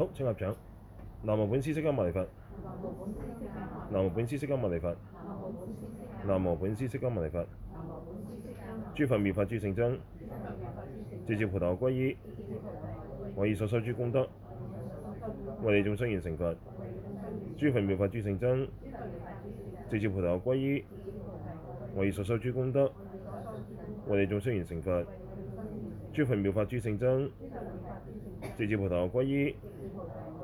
好，請合掌。南無本師釋迦牟尼佛。南無本師釋迦牟尼佛。南無本師釋迦牟尼佛。諸佛妙法諸聖僧，直至菩提歸依，我以所修諸功德，我哋眾生願成佛。諸佛妙法諸聖僧，直至菩提歸依，我以所修諸功德，我哋眾生願成佛。諸佛妙法諸聖僧，直至菩提歸依。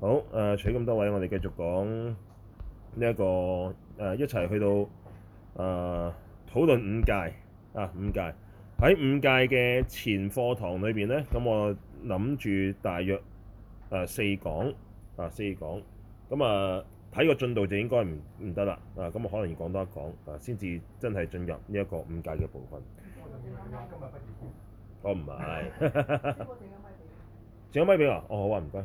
好誒、啊，除咁多位，我哋繼續講呢一個誒、啊，一齊去到誒討論五戒啊，五戒喺五戒嘅前課堂裏邊咧，咁我諗住大約誒四講啊，四講咁啊，睇、啊、個進度就應該唔唔得啦啊，咁、啊、我、啊啊啊、可能要講多一講啊，先至真係進入呢一個五戒嘅部分。我唔係，仲有咪俾我，哦好、嗯、 啊，唔該。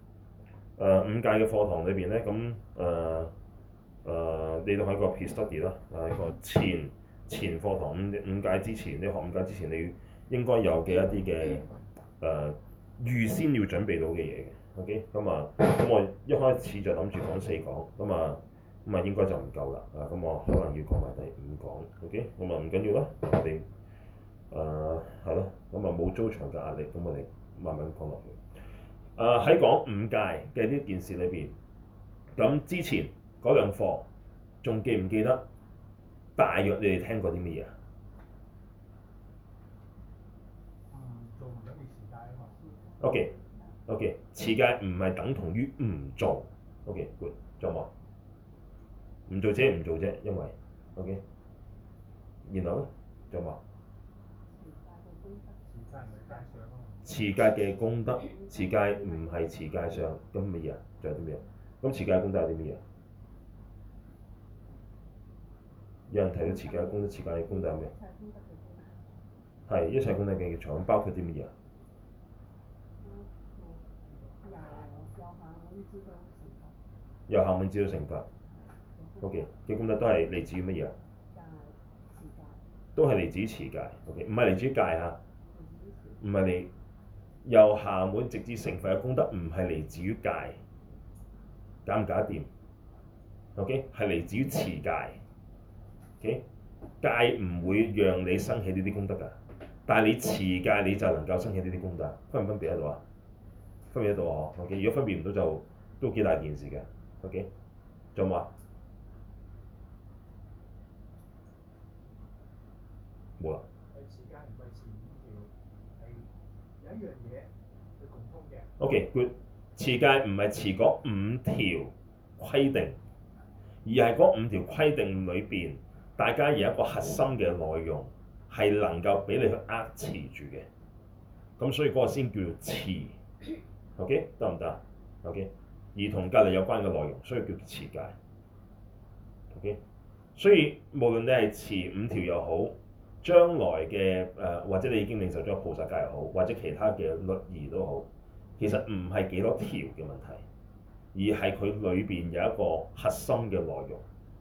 五戒嘅課堂裏邊呢，咁誒誒，你都係一個個 pre-study 啦，係一前前課堂五五戒之前，你學五戒之前，你應該有嘅一啲嘅誒預先要準備到嘅嘢嘅。Few, uh, things, O.K. 咁啊，咁我一開始就諗住講四講，咁啊，咁啊應該就唔夠啦。啊，咁我可能要講埋第五講。O.K. 咁啊唔緊要啦，我哋誒係咯，咁啊冇租場嘅壓力，咁我哋慢慢講落去。誒喺講五戒嘅呢件事裏邊，咁之前嗰樣課仲記唔記得？大約你哋聽過啲咩嘢？啊 O K，O K，持戒唔係等同於唔做。O、okay, K，做冇？唔做啫，唔做啫，因為 O K。Okay，然後咧，做冇？持戒嘅功德，持戒唔係持戒上咁乜嘢，仲有啲咩啊？咁持戒功德有啲咩啊？有人提到持戒嘅功德，持戒嘅功德係咩？係一切功德嘅業財，包括啲乜嘢啊？由後面至到成佛。O.K. 嘅功德都係嚟自於乜嘢啊？都係嚟自持戒。O.K.，唔係嚟自戒嚇，唔係嚟。由暇滿直至成佛嘅功德，唔係嚟自於戒，搞唔搞掂？OK，係嚟自於持戒。OK，戒唔會讓你生起呢啲功德㗎，但係你持戒你就能夠生起呢啲功德，分唔分別喺度啊？分別喺度啊？OK，如果分別唔到就都幾大件事嘅。OK，仲有冇啊？冇啦。O.K.，good，持戒唔係持嗰五條規定，而係嗰五條規定裏邊，大家有一個核心嘅內容係能夠俾你去扼持住嘅。咁所以嗰個先叫持。O.K. 得唔得？O.K. 而同隔籬有關嘅內容，所以叫持戒。O.K. 所以無論你係持五條又好，將來嘅誒、呃、或者你已經領受咗菩薩戒又好，或者其他嘅律儀都好。其實唔係幾多條嘅問題，而係佢裏邊有一個核心嘅內容，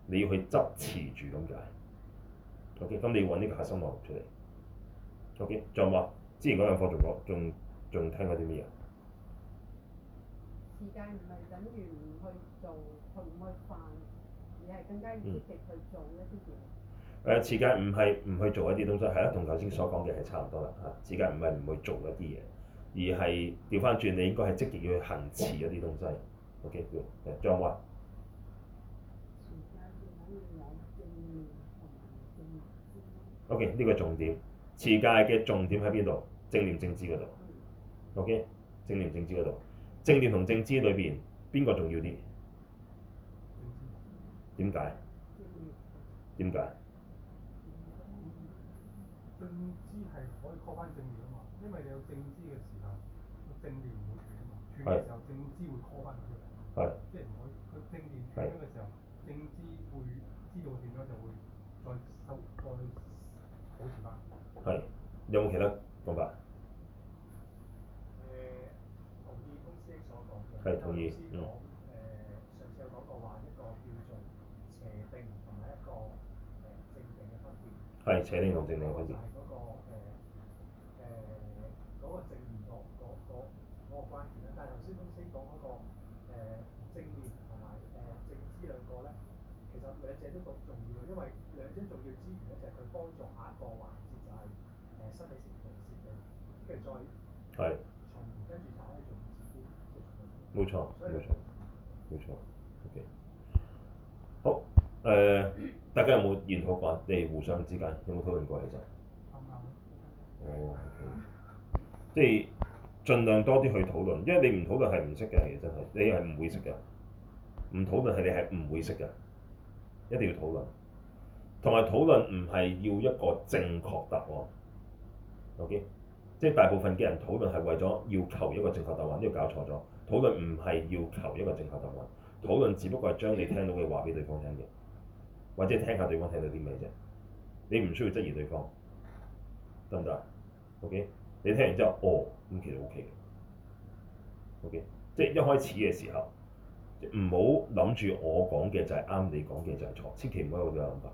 你要去執持住咁解。OK，咁你要揾呢個核心內容出嚟。OK，仲有冇？之前嗰樣課仲有，仲仲聽過啲咩嘢？時間唔係等於唔去做，佢唔去犯，而係更加積極去做一啲嘢。誒、嗯，時間唔係唔去做一啲東西，係啦，同頭先所講嘅係差唔多啦。嚇，時間唔係唔去做一啲嘢，而係調翻轉，你應該係積極要去行持嗰啲東西。O.K. 叫誒莊話。O.K. 呢個重點，持戒嘅重點喺邊度？正念正知嗰度。O.K. 正念正知嗰度，正念同正知裏邊邊個重要啲？正知。點解？點解？正知義係可以確翻正。嘅時候正知會 call 翻佢，即係唔可佢正念變咗嘅時候，正知會知道變咗就會再收再保持翻。係，有冇其他講法？誒，同意公司所講嘅。係同意，同意嗯。上次有講過話一個叫做邪定同埋一個誒正定嘅分別。係邪定同正定嘅分別。冇錯，冇錯，冇錯。錯 O.K. 好，誒、呃， 大家有冇研討過？你互相之間有冇討論過？其實 哦 O.K. 即係盡量多啲去討論，因為你唔討論係唔識嘅，其實真係你係唔會識嘅。唔討論係你係唔會識嘅，一定要討論。同埋討論唔係要一個正確答案。O.K. 即係大部分嘅人討論係為咗要求一個正確答案，呢個搞錯咗。討論唔係要求一個正確答案，討論只不過係將你聽到嘅話俾對方聽嘅，或者聽下對方聽到啲咩啫。你唔需要質疑對方，得唔得？OK，你聽完之後，哦，咁其實 OK 嘅。OK，即係一開始嘅時候，唔好諗住我講嘅就係啱，你講嘅就係錯，千祈唔好有咁嘅諗法。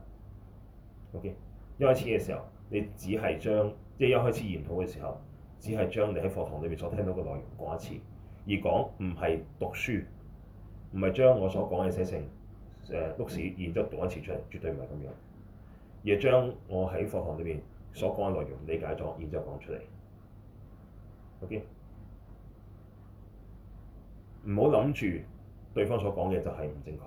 OK，一開始嘅時候，你只係將即係一開始研討嘅時候，只係將你喺課堂裏面所聽到嘅內容講一次。而講唔係讀書，唔係將我所講嘅寫成誒筆史，然之後讀一次出嚟，絕對唔係咁樣。而係將我喺課堂裏邊所講嘅內容理解咗，然之後講出嚟。OK，唔好諗住對方所講嘅就係唔正確，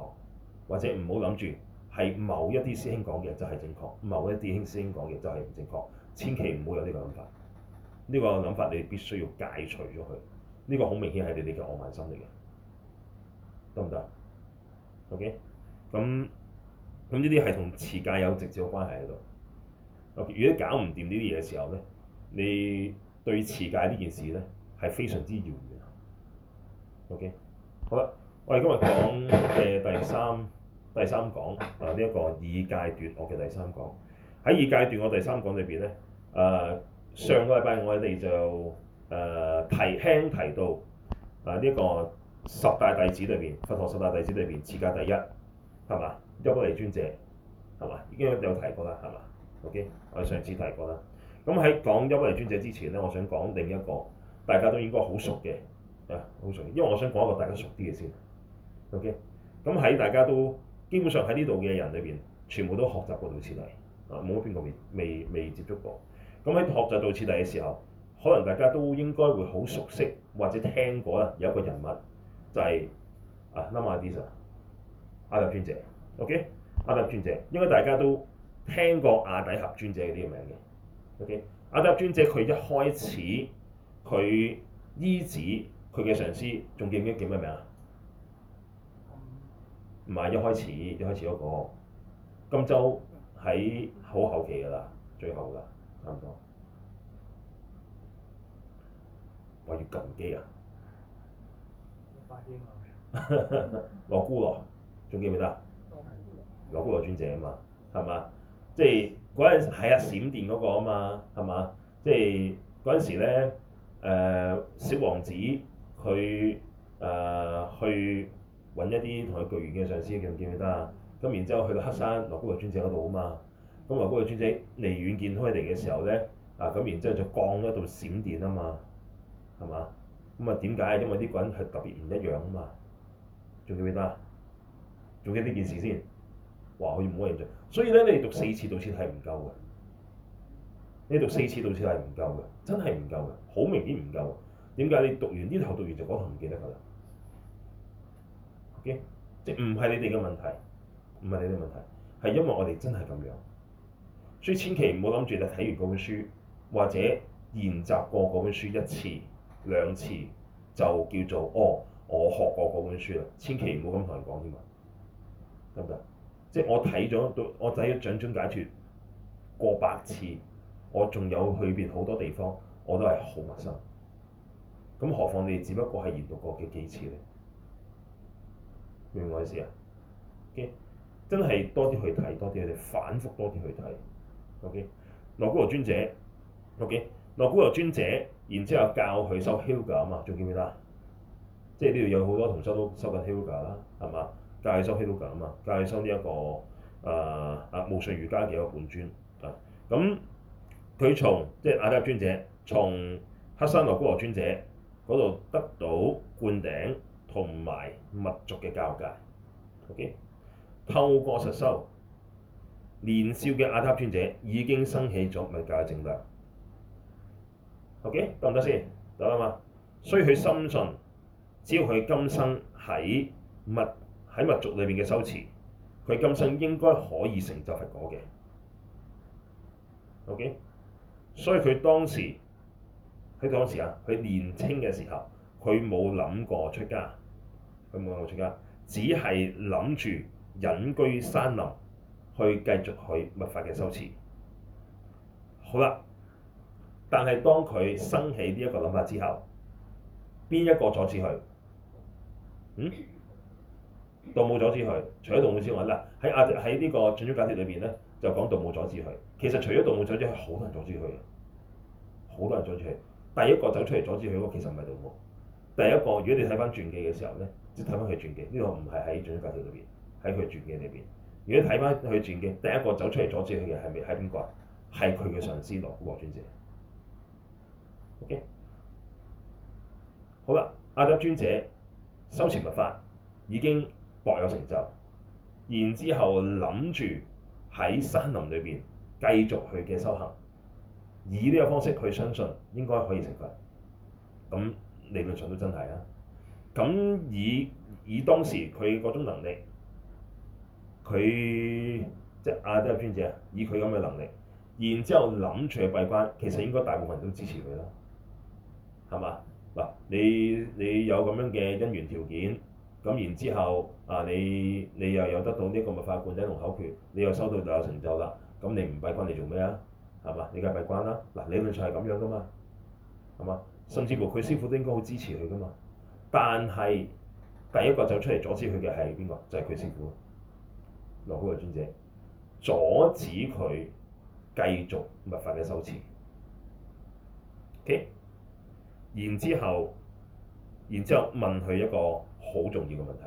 或者唔好諗住係某一啲師兄講嘅就係正確，某一啲兄師兄講嘅就係唔正確。千祈唔好有呢個諗法，呢、呢個諗法你必須要解除咗佢。呢個好明顯係你哋嘅傲慢心嚟嘅，得唔得？OK，咁咁呢啲係同持戒有直接嘅關係喺度。Okay? 如果搞唔掂呢啲嘢嘅時候咧，你對持戒呢件事咧係非常之遙遠。OK，好啦，我哋今日講嘅第三第三講啊，呢、這、一個二階段我嘅第三講喺二階段我第三講裏邊咧，誒、啊、上個禮拜我哋就。誒、呃、提輕提到誒呢、啊這個十大弟子裏邊，佛陀十大弟子裏邊，持戒第一係嘛？優波離尊者係嘛？已經有提過啦，係嘛？OK，我上次提過啦。咁喺講優波離尊者之前咧，我想講另一個大家都應該好熟嘅啊，好熟，因為我想講一個大家熟啲嘅先。OK，咁喺大家都基本上喺呢度嘅人裏邊，全部都學習過道次第啊，冇乜邊個未未未接觸過。咁喺學習道次第嘅時候。可能大家都應該會好熟悉或者聽過啦，有一個人物就係、是、啊拉馬迪薩阿德尊者，OK？阿德尊者，應該大家都聽過阿底峽尊者呢個名嘅，OK？阿德尊者佢一開始佢依止，佢嘅上師，仲記唔記得叫咩名啊？唔係一開始一開始嗰、那個，今週喺好後期㗎啦，最後㗎，差唔多？我要撳機啊！羅 孤羅、哦，仲記唔記得？羅孤羅，羅尊者啊嘛，係、啊、嘛？即係嗰陣係啊閃電嗰個啊嘛，係嘛？即係嗰陣時咧，誒、呃、小王子佢誒、呃、去揾一啲同佢具緣嘅上師，仲記唔記得啊？咁然之後去到黑山羅孤羅，羅尊者嗰度啊嘛，咁羅孤羅，羅尊者離遠見開嚟嘅時候咧，嗯、啊咁然之後就降一道閃電啊嘛～係嘛？咁啊點解？因為呢個人係特別唔一樣啊嘛！仲記唔記得啊？仲記呢件事先？話好似冇乜印象，所以咧，你哋讀四次、到次係唔夠嘅。你讀四次、到次係唔夠嘅，真係唔夠嘅，好明顯唔夠。點解你讀完呢頭讀完就嗰頭唔記得㗎啦？O.K. 即唔係你哋嘅問題？唔係你哋問題，係因為我哋真係咁樣。所以千祈唔好諗住就睇完嗰本書，或者研習過嗰本書一次。嗯兩次就叫做哦，我學過嗰本書啦，千祈唔好咁同人講添啊，得唔得？即係我睇咗都，我睇《掌中解脫》過百次，我仲有去邊好多地方我都係好陌生。咁何況你只不過係研讀過幾次咧？明唔明我意思啊？嘅、okay. 真係多啲去睇，多啲去睇，反覆多啲去睇。OK，羅睺羅古達尊者。OK。羅睺羅尊者，然之後教佢修希臘啊嘛，仲記唔記得？即係呢度有好多同修都修緊希 a 啦，係嘛？教佢修希臘啊嘛，教佢修呢一個啊啊無上瑜伽嘅一個灌專啊。咁佢從即係阿達尊者，從黑山羅睺羅尊者嗰度得到灌頂同埋物續嘅交界。OK，透過實修，年少嘅阿塔尊者已經升起咗物教嘅正量。OK 得唔得先？得啊嘛。所以佢深信，只要佢今生喺密喺密，密續裏面嘅修持，佢今生應該可以成就佛果嘅。OK，所以佢當時喺當時啊，佢年青嘅時候，佢冇諗過出家，佢冇諗過出家，只係諗住隱居山林，去繼續去密法嘅修持。好啦。但係當佢生起呢一個諗法之後，邊一個阻止佢？嗯？度母阻止佢，除咗度母之外，嗱喺亞喺呢個《準珠解説》裏邊咧，就講度母阻止佢。其實除咗度母阻止佢，好多人阻止佢嘅，好多人阻止佢。第一個走出嚟阻止佢，其實唔係度母。第一個如果你睇翻傳記嘅時候咧，即睇翻佢傳記，呢個唔係喺《準珠解説》裏邊，喺佢傳記裏邊。如果睇翻佢傳記，第一個走出嚟阻止佢嘅係咪係邊個？係佢嘅上師羅睺羅尊者。Okay. 好啦，阿底峽尊者修持佛法已經薄有成就，然之後諗住喺山林裏邊繼續佢嘅修行，以呢個方式去相信應該可以成佛。咁理論上都真係啦。咁以以當時佢嗰種能力，佢即係阿底峽尊者，以佢咁嘅能力，然之後諗住去閉關，其實應該大部分人都支持佢啦。係嘛？嗱、啊，你你有咁樣嘅因緣條件，咁然之後啊，你你又有得到呢個密法灌頂同口訣，你又收到大有成就啦。咁你唔閉關你做咩啊？係嘛？你梗係閉關啦。嗱、啊，理論上係咁樣噶嘛，係嘛？甚至乎佢師傅都應該好支持佢噶嘛。但係第一個走出嚟阻止佢嘅係邊個？就係、是、佢師傅，羅睺羅古達尊者，阻止佢繼續密法嘅修持。嘅、okay？然之後，然之後問佢一個好重要嘅問題，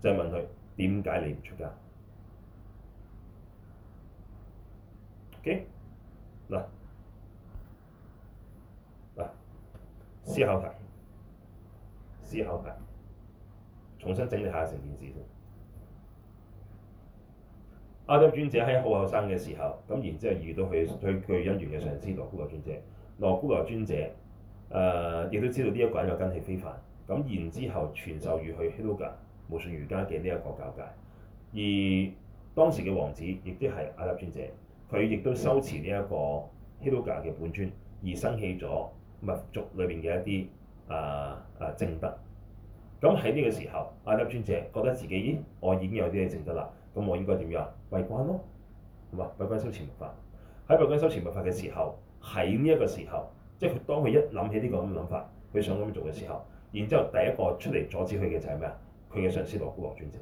就係、是、問佢點解你唔出家嘅？嗱、okay? 嗱，思考題，思考題，重新整理下成件事先。阿底峽尊者喺好後生嘅時候，咁然之後遇到佢佢佢因緣嘅上師羅古羅尊者，羅姑羅尊者。誒，亦、呃、都知道呢一個人有根器非凡，咁然之後傳授於去黑魯嘎無上瑜伽嘅呢一個教誡，而當時嘅王子亦都係阿底峽尊者，佢亦都修持呢一個黑魯嘎嘅本尊，而生起咗密續裏邊嘅一啲誒誒證德。咁喺呢個時候，阿底峽尊者覺得自己已我已經有啲嘢證德啦，咁我應該點樣？閉關咯，係嘛？閉關修持密法。喺閉關修持密法嘅時候，喺呢一個時候。即係佢當佢一諗起呢個咁嘅諗法，佢想咁樣做嘅時候，然之後第一個出嚟阻止佢嘅就係咩啊？佢嘅上師羅睺羅古達尊者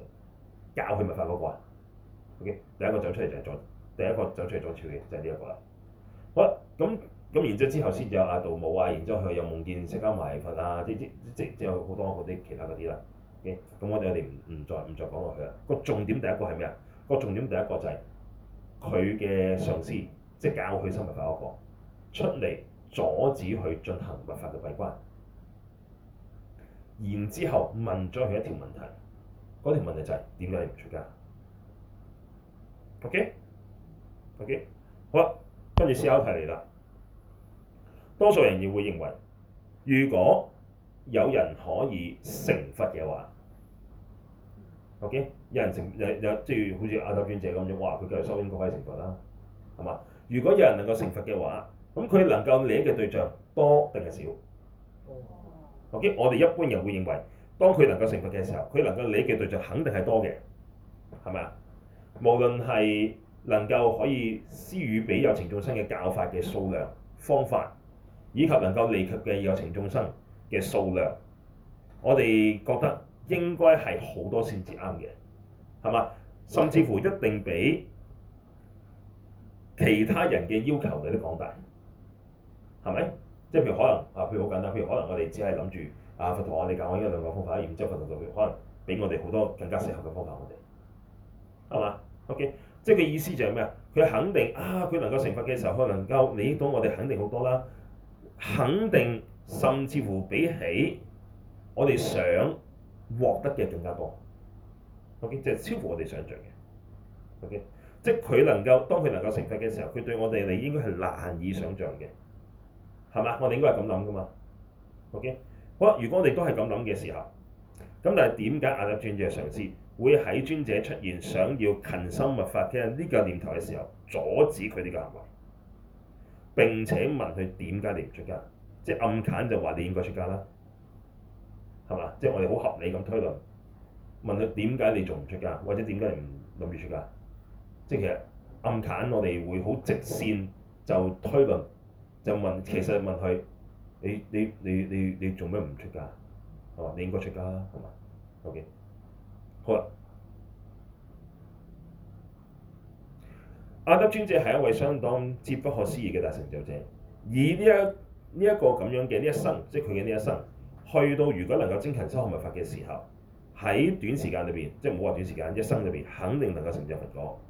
教佢密法嗰個？O K，第一個走出嚟就係阻，第一個走出嚟阻住嘅就係呢一個啦。好，咁咁然之後之後先有阿度母啊，然之後佢又夢見釋迦牟尼佛啊，啲啲即即，即，即，即有好多嗰啲其他嗰啲啦。咁、okay? 我哋我哋唔唔再唔再講落去啦。個重點第一個係咩啊？個重點第一個就係佢嘅上師，即係教佢生密法嗰個，出嚟。阻止佢進行密法嘅閉關，然之後問咗佢一條問題，嗰條問題就係點解你唔出家？OK，OK，、okay? okay? 好啦，跟住思考題嚟啦。多數人亦會認為，如果有人可以成佛嘅話，OK，有人成有有即係、就是、好似阿底峽尊者咁樣，哇！佢叫嚟收緊可以成佛啦，係嘛？如果有人能夠成佛嘅話，咁佢能夠利嘅對象多定係少？OK，我哋一般人會認為，當佢能夠成佛嘅時候，佢能夠利嘅對象肯定係多嘅，係咪啊？無論係能夠可以施予俾有情眾生嘅教法嘅數量、方法，以及能夠利及嘅有情眾生嘅數量，我哋覺得應該係好多先至啱嘅，係咪？甚至乎一定比其他人嘅要求嘅都廣大。係咪？即係譬如可能啊，譬如好簡單，譬如可能我哋只係諗住啊，佛陀我哋教我應該兩個方法，然之後佛陀就可能俾我哋好多更加適合嘅方法我，我哋係嘛？OK，即係佢意思就係咩啊？佢肯定啊，佢能夠成佛嘅時候，佢能夠利益到我哋，肯定好多啦。肯定甚至乎比起我哋想獲得嘅更加多。OK，即係超乎我哋想像嘅。OK，即係佢能夠當佢能夠成佛嘅時候，佢對我哋嚟應，應該係難以想像嘅。係嘛？我哋應該係咁諗㗎嘛？OK，好。如果我哋都係咁諗嘅時候，咁但係點解阿底峽尊者上師會喺尊者出現想要勤修密法嘅呢個念頭嘅時候，阻止佢哋嘅行為，並且問佢點解你唔出家？即係暗砍就話你應該出家啦，係嘛？即、就、係、是、我哋好合理咁推論，問佢點解你仲唔出家，或者點解你唔諗住出家？即係其實暗砍我哋會好直線就推論。就問，其實問佢，你你你你你做咩唔出家？係嘛？你應該出家啦，係嘛？OK，好啦。阿底峽尊者係一位相當之不可思議嘅大成就者，以呢一呢一,一個咁樣嘅呢一生，即係佢嘅呢一生，去到如果能夠精勤修學密法嘅時候，喺短時間裏邊，即係唔好話短時間，一生裏邊肯定能夠成就佛果。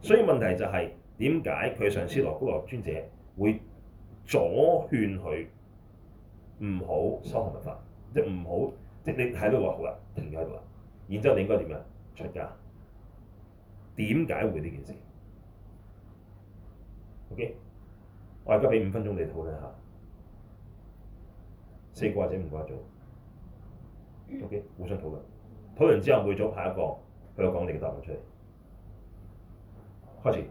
所以問題就係點解佢上師羅睺羅尊者？會阻勸佢唔好修行密法，即係唔好即係你喺度話好啦，停喺度啦，然之後你應該點啊？出家。點解會呢件事？OK，我而家畀五分鐘你討論下，四個或者五個一組。OK，互相討論，討論之後每組派一個，佢嚟講你嘅答案出嚟。開始。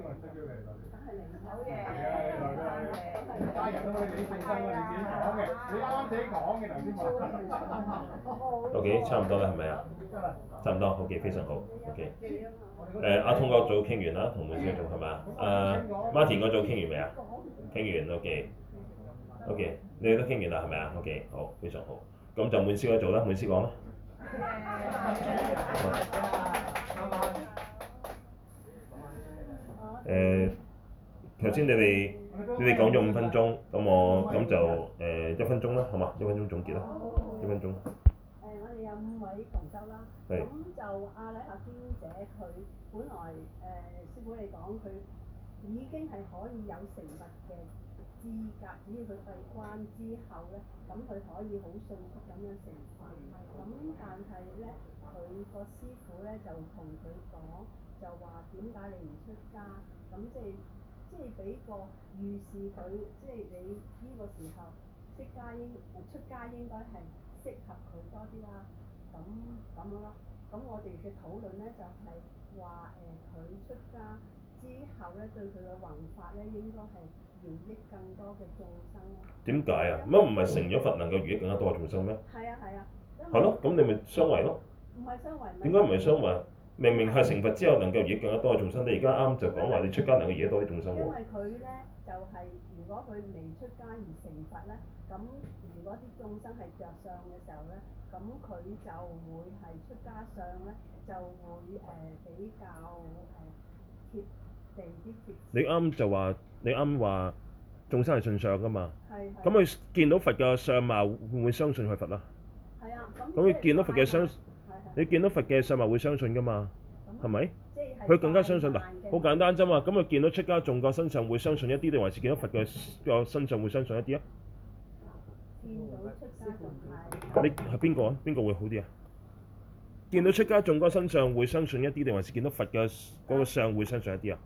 OK，差唔多啦，係咪啊？差唔多，OK，非常好，OK。誒，阿通嗰組傾完啦，同滿師組係咪啊？誒，Martin 個組傾完未啊？傾完，OK，OK，你哋都傾完啦，係咪啊？OK，好，非常好。咁就滿師嗰組啦，滿師講啦。誒，頭先、呃、你哋、嗯、你哋講咗五分鐘，咁、嗯、我咁、嗯、就誒、嗯、一分鐘啦，好嘛？一分鐘總結啦，啊、一分鐘。誒、呃，我哋有五位同修啦，咁就阿底峽尊者佢本來誒、呃、師傅你講，佢已經係可以有成佛嘅資格，只要佢閉關之後咧，咁佢可以好迅速咁樣成佛。咁但係咧，佢個師傅咧就同佢講。就話點解你唔出家？咁即係即係俾個預示佢，即係你呢個時候出家應出家應該係適合佢多啲啦。咁咁樣咯。咁我哋嘅討論咧就係話誒，佢、呃、出家之後咧對佢嘅弘法咧應該係利益更多嘅眾生咯。點解啊？乜唔係成咗佛能夠利益更加多眾生咩？係啊係啊。係咯，咁你咪相違咯。唔係相違。點解唔係相違？明明係成佛之後能夠惹更加多嘅眾生，你而家啱就講話你出家能夠惹多啲眾生喎。因為佢咧就係如果佢未出家而成佛咧，咁如果啲眾生係著相嘅時候咧，咁佢就會係出家相咧就會誒比較貼地啲啲。你啱就話你啱話眾生係信相㗎嘛？係係。咁佢見到佛嘅相貌，會唔會相信佢佛啦？係啊。咁佢見到佛嘅相。你見到佛嘅相咪會相信㗎嘛？係咪、嗯？佢即係更加相信嗱，好簡單啫嘛。咁佢見到出家眾個身上會相信一啲定還是見到佛嘅個身上會相信一啲啊一？見到出家眾，你係邊個啊？邊個會好啲啊？見到出家眾個身上會相信一啲定還是見到佛嘅嗰個相會相信一啲啊？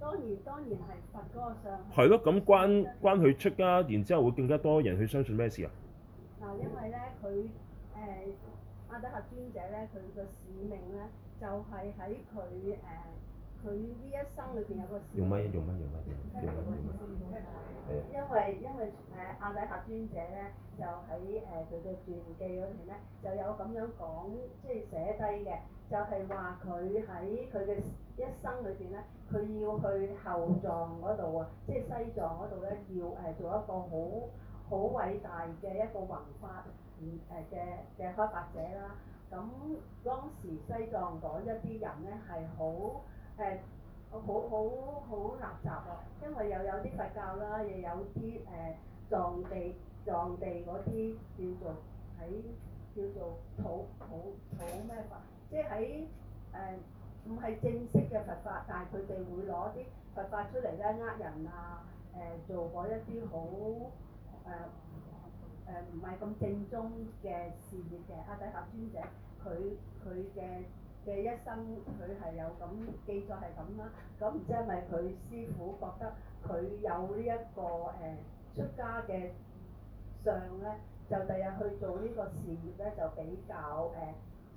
當然當然係佛嗰個相。係咯，咁關關佢出家，然之後會更加多人去相信咩事啊？嗱，因為咧，佢誒。呃阿底峽尊者咧，佢個使命咧，就係喺佢誒，佢、呃、呢一生裏邊有個使命。用乜用乜用乜 因為因為誒、呃、阿底峽尊者咧，就喺誒佢嘅傳記嗰邊咧，就有咁樣講，即係寫低嘅，就係話佢喺佢嘅一生裏邊咧，佢要去後藏嗰度啊，即係西藏嗰度咧，要誒做一個好好偉大嘅一個弘法。嗯嘅嘅開發者啦，咁當時西藏嗰一啲人咧係、呃、好誒好好好垃圾啊！因為又有啲佛教啦，又有啲誒、呃、藏地藏地嗰啲叫做喺叫做土土土咩法，即係喺誒唔係正式嘅佛法，但係佢哋會攞啲佛法出嚟咧呃人啊誒做嗰一啲好誒。呃誒唔係咁正宗嘅事業嘅阿底峽尊者，佢佢嘅嘅一生佢係有咁記載係咁啦，咁唔、嗯、知係咪佢師傅覺得佢有呢、這、一個誒、呃、出家嘅相咧，就第日去做個呢個事業咧就比較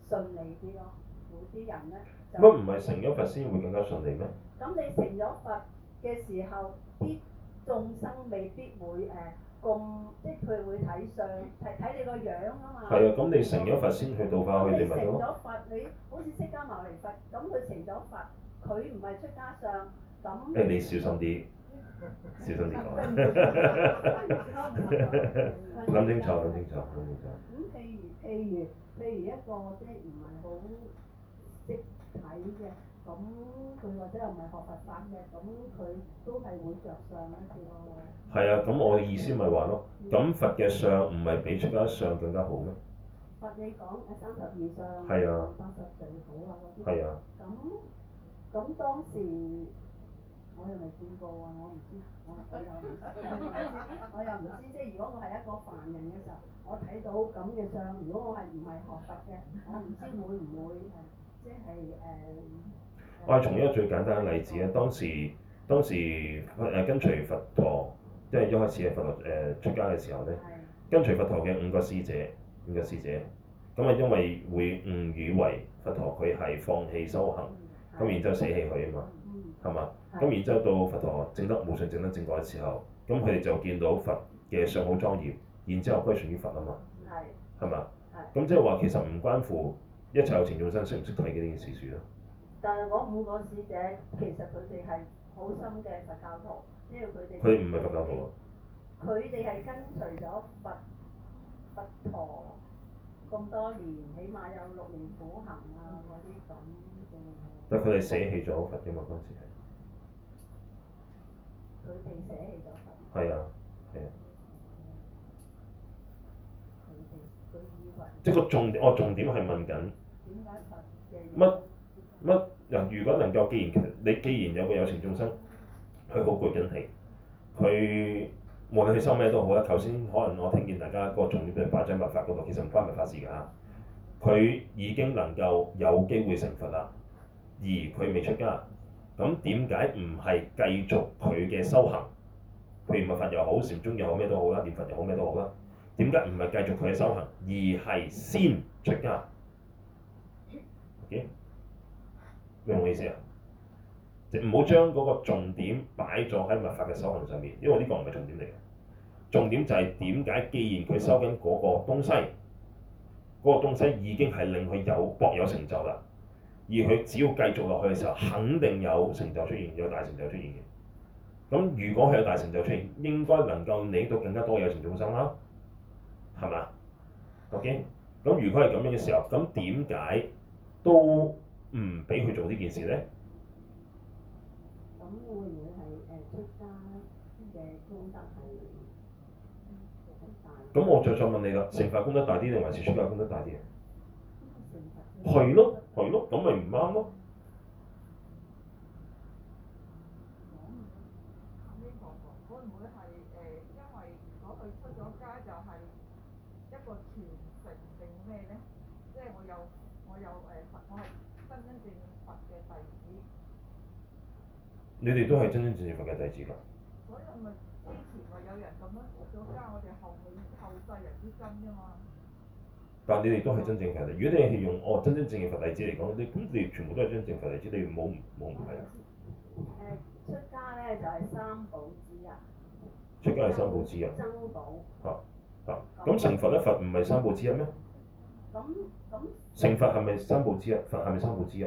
誒順、呃、利啲咯，每啲人咧。乜唔係成咗佛先會更加順利咩？咁你成咗佛嘅時候，啲眾生未必會誒。呃呃咁即係佢會睇相，睇你個樣噶嘛。係啊，咁、嗯、你成咗佛先去度化佢哋，你成咗佛，佛，你好似釋迦牟尼佛，咁佢成咗佛，佢唔係出家相。咁你、哎、你小心啲，小心啲講。諗清楚，諗清楚，諗清楚。咁譬、嗯、如譬如譬如一個即係唔係好識睇嘅。咁佢或者又唔係學佛法嘅，咁佢都係會着相一次咯。係啊，咁我嘅意思咪話咯，咁佛嘅相唔係比出家相更加好咩？佛你講三十二相，係啊，八十最好啊嗰啲。係啊。咁咁當時我又未見過啊？我唔知，我我又唔知，我又唔知，即係如果我係一個凡人嘅時候，我睇到咁嘅相，如果我係唔係學佛嘅，我唔知會唔會即係誒。我係從一個最簡單嘅例子咧，當時當時誒跟隨佛陀，即係一開始係佛陀誒、呃、出家嘅時候咧，的跟隨佛陀嘅五個侍者，五個侍者，咁、嗯、啊因為會誤以為佛陀，佢係放棄修行，咁的然之後捨棄佢啊嘛，係嘛，咁的然之後到佛陀證得無上正等正果嘅時候，咁佢哋就見到佛嘅相好莊嚴，然之後歸順於佛啊嘛，係嘛，咁即係話其實唔關乎一切有情眾生識唔識睇嘅呢件事樹咯。但係我五個使者，其實佢哋係好深嘅佛教徒，因為佢哋佢唔係佛教徒啊。佢哋係跟隨咗佛，佛陀咁多年，起碼有六年苦行啊嗰啲咁嘅。但係佢哋捨棄咗佛㗎嘛？當時係佢哋捨棄咗佛。係啊，係啊。即係個重點，哦，重點係問緊。點解佛嘅乜？乜人如果能夠，既然你既然有個有情眾生，佢好攰緊氣，佢無論佢修咩都好啦，頭先可能我聽見大家個重點喺發展佛法嗰度，其實唔關咪法事㗎，佢已經能夠有機會成佛啦，而佢未出家，咁點解唔係繼續佢嘅修行？譬如密法又好，禪宗又好，咩都好啦，念佛又好，咩都好啦，點解唔係繼續佢嘅修行，而係先出家？Okay? 明唔明意思啊？就唔好將嗰個重點擺咗喺密法嘅修行上面，因為呢個唔係重點嚟嘅。重點就係點解既然佢收緊嗰個東西，嗰、嗰個東西已經係令佢有博有成就啦。而佢只要繼續落去嘅時候，肯定有成就出現，有大成就出現嘅。咁如果佢有大成就出現，應該能夠領到更加多有情眾生啦，係嘛？OK。咁如果係咁樣嘅時候，咁點解都？唔俾佢做呢件事呢？咁我再再問你啦，成佛功德大啲定還是出家功德大啲啊？係 咯，係咯，咁咪唔啱咯？你哋都係真真正正佛嘅弟子㗎。所以咪之前咪有人咁樣講咗加我哋後後世人之身㗎嘛。但你哋都係真正嘅弟子，如果你係用哦真真正正佛弟子嚟講，你咁你全部都係真正佛弟子，你冇冇問題啊、呃？出家咧就係、是、三寶之一。出家係三寶之一。僧寶。咁成佛咧佛唔係三寶之一咩？咁咁。成佛係咪三,三寶之一？佛係咪三寶之一？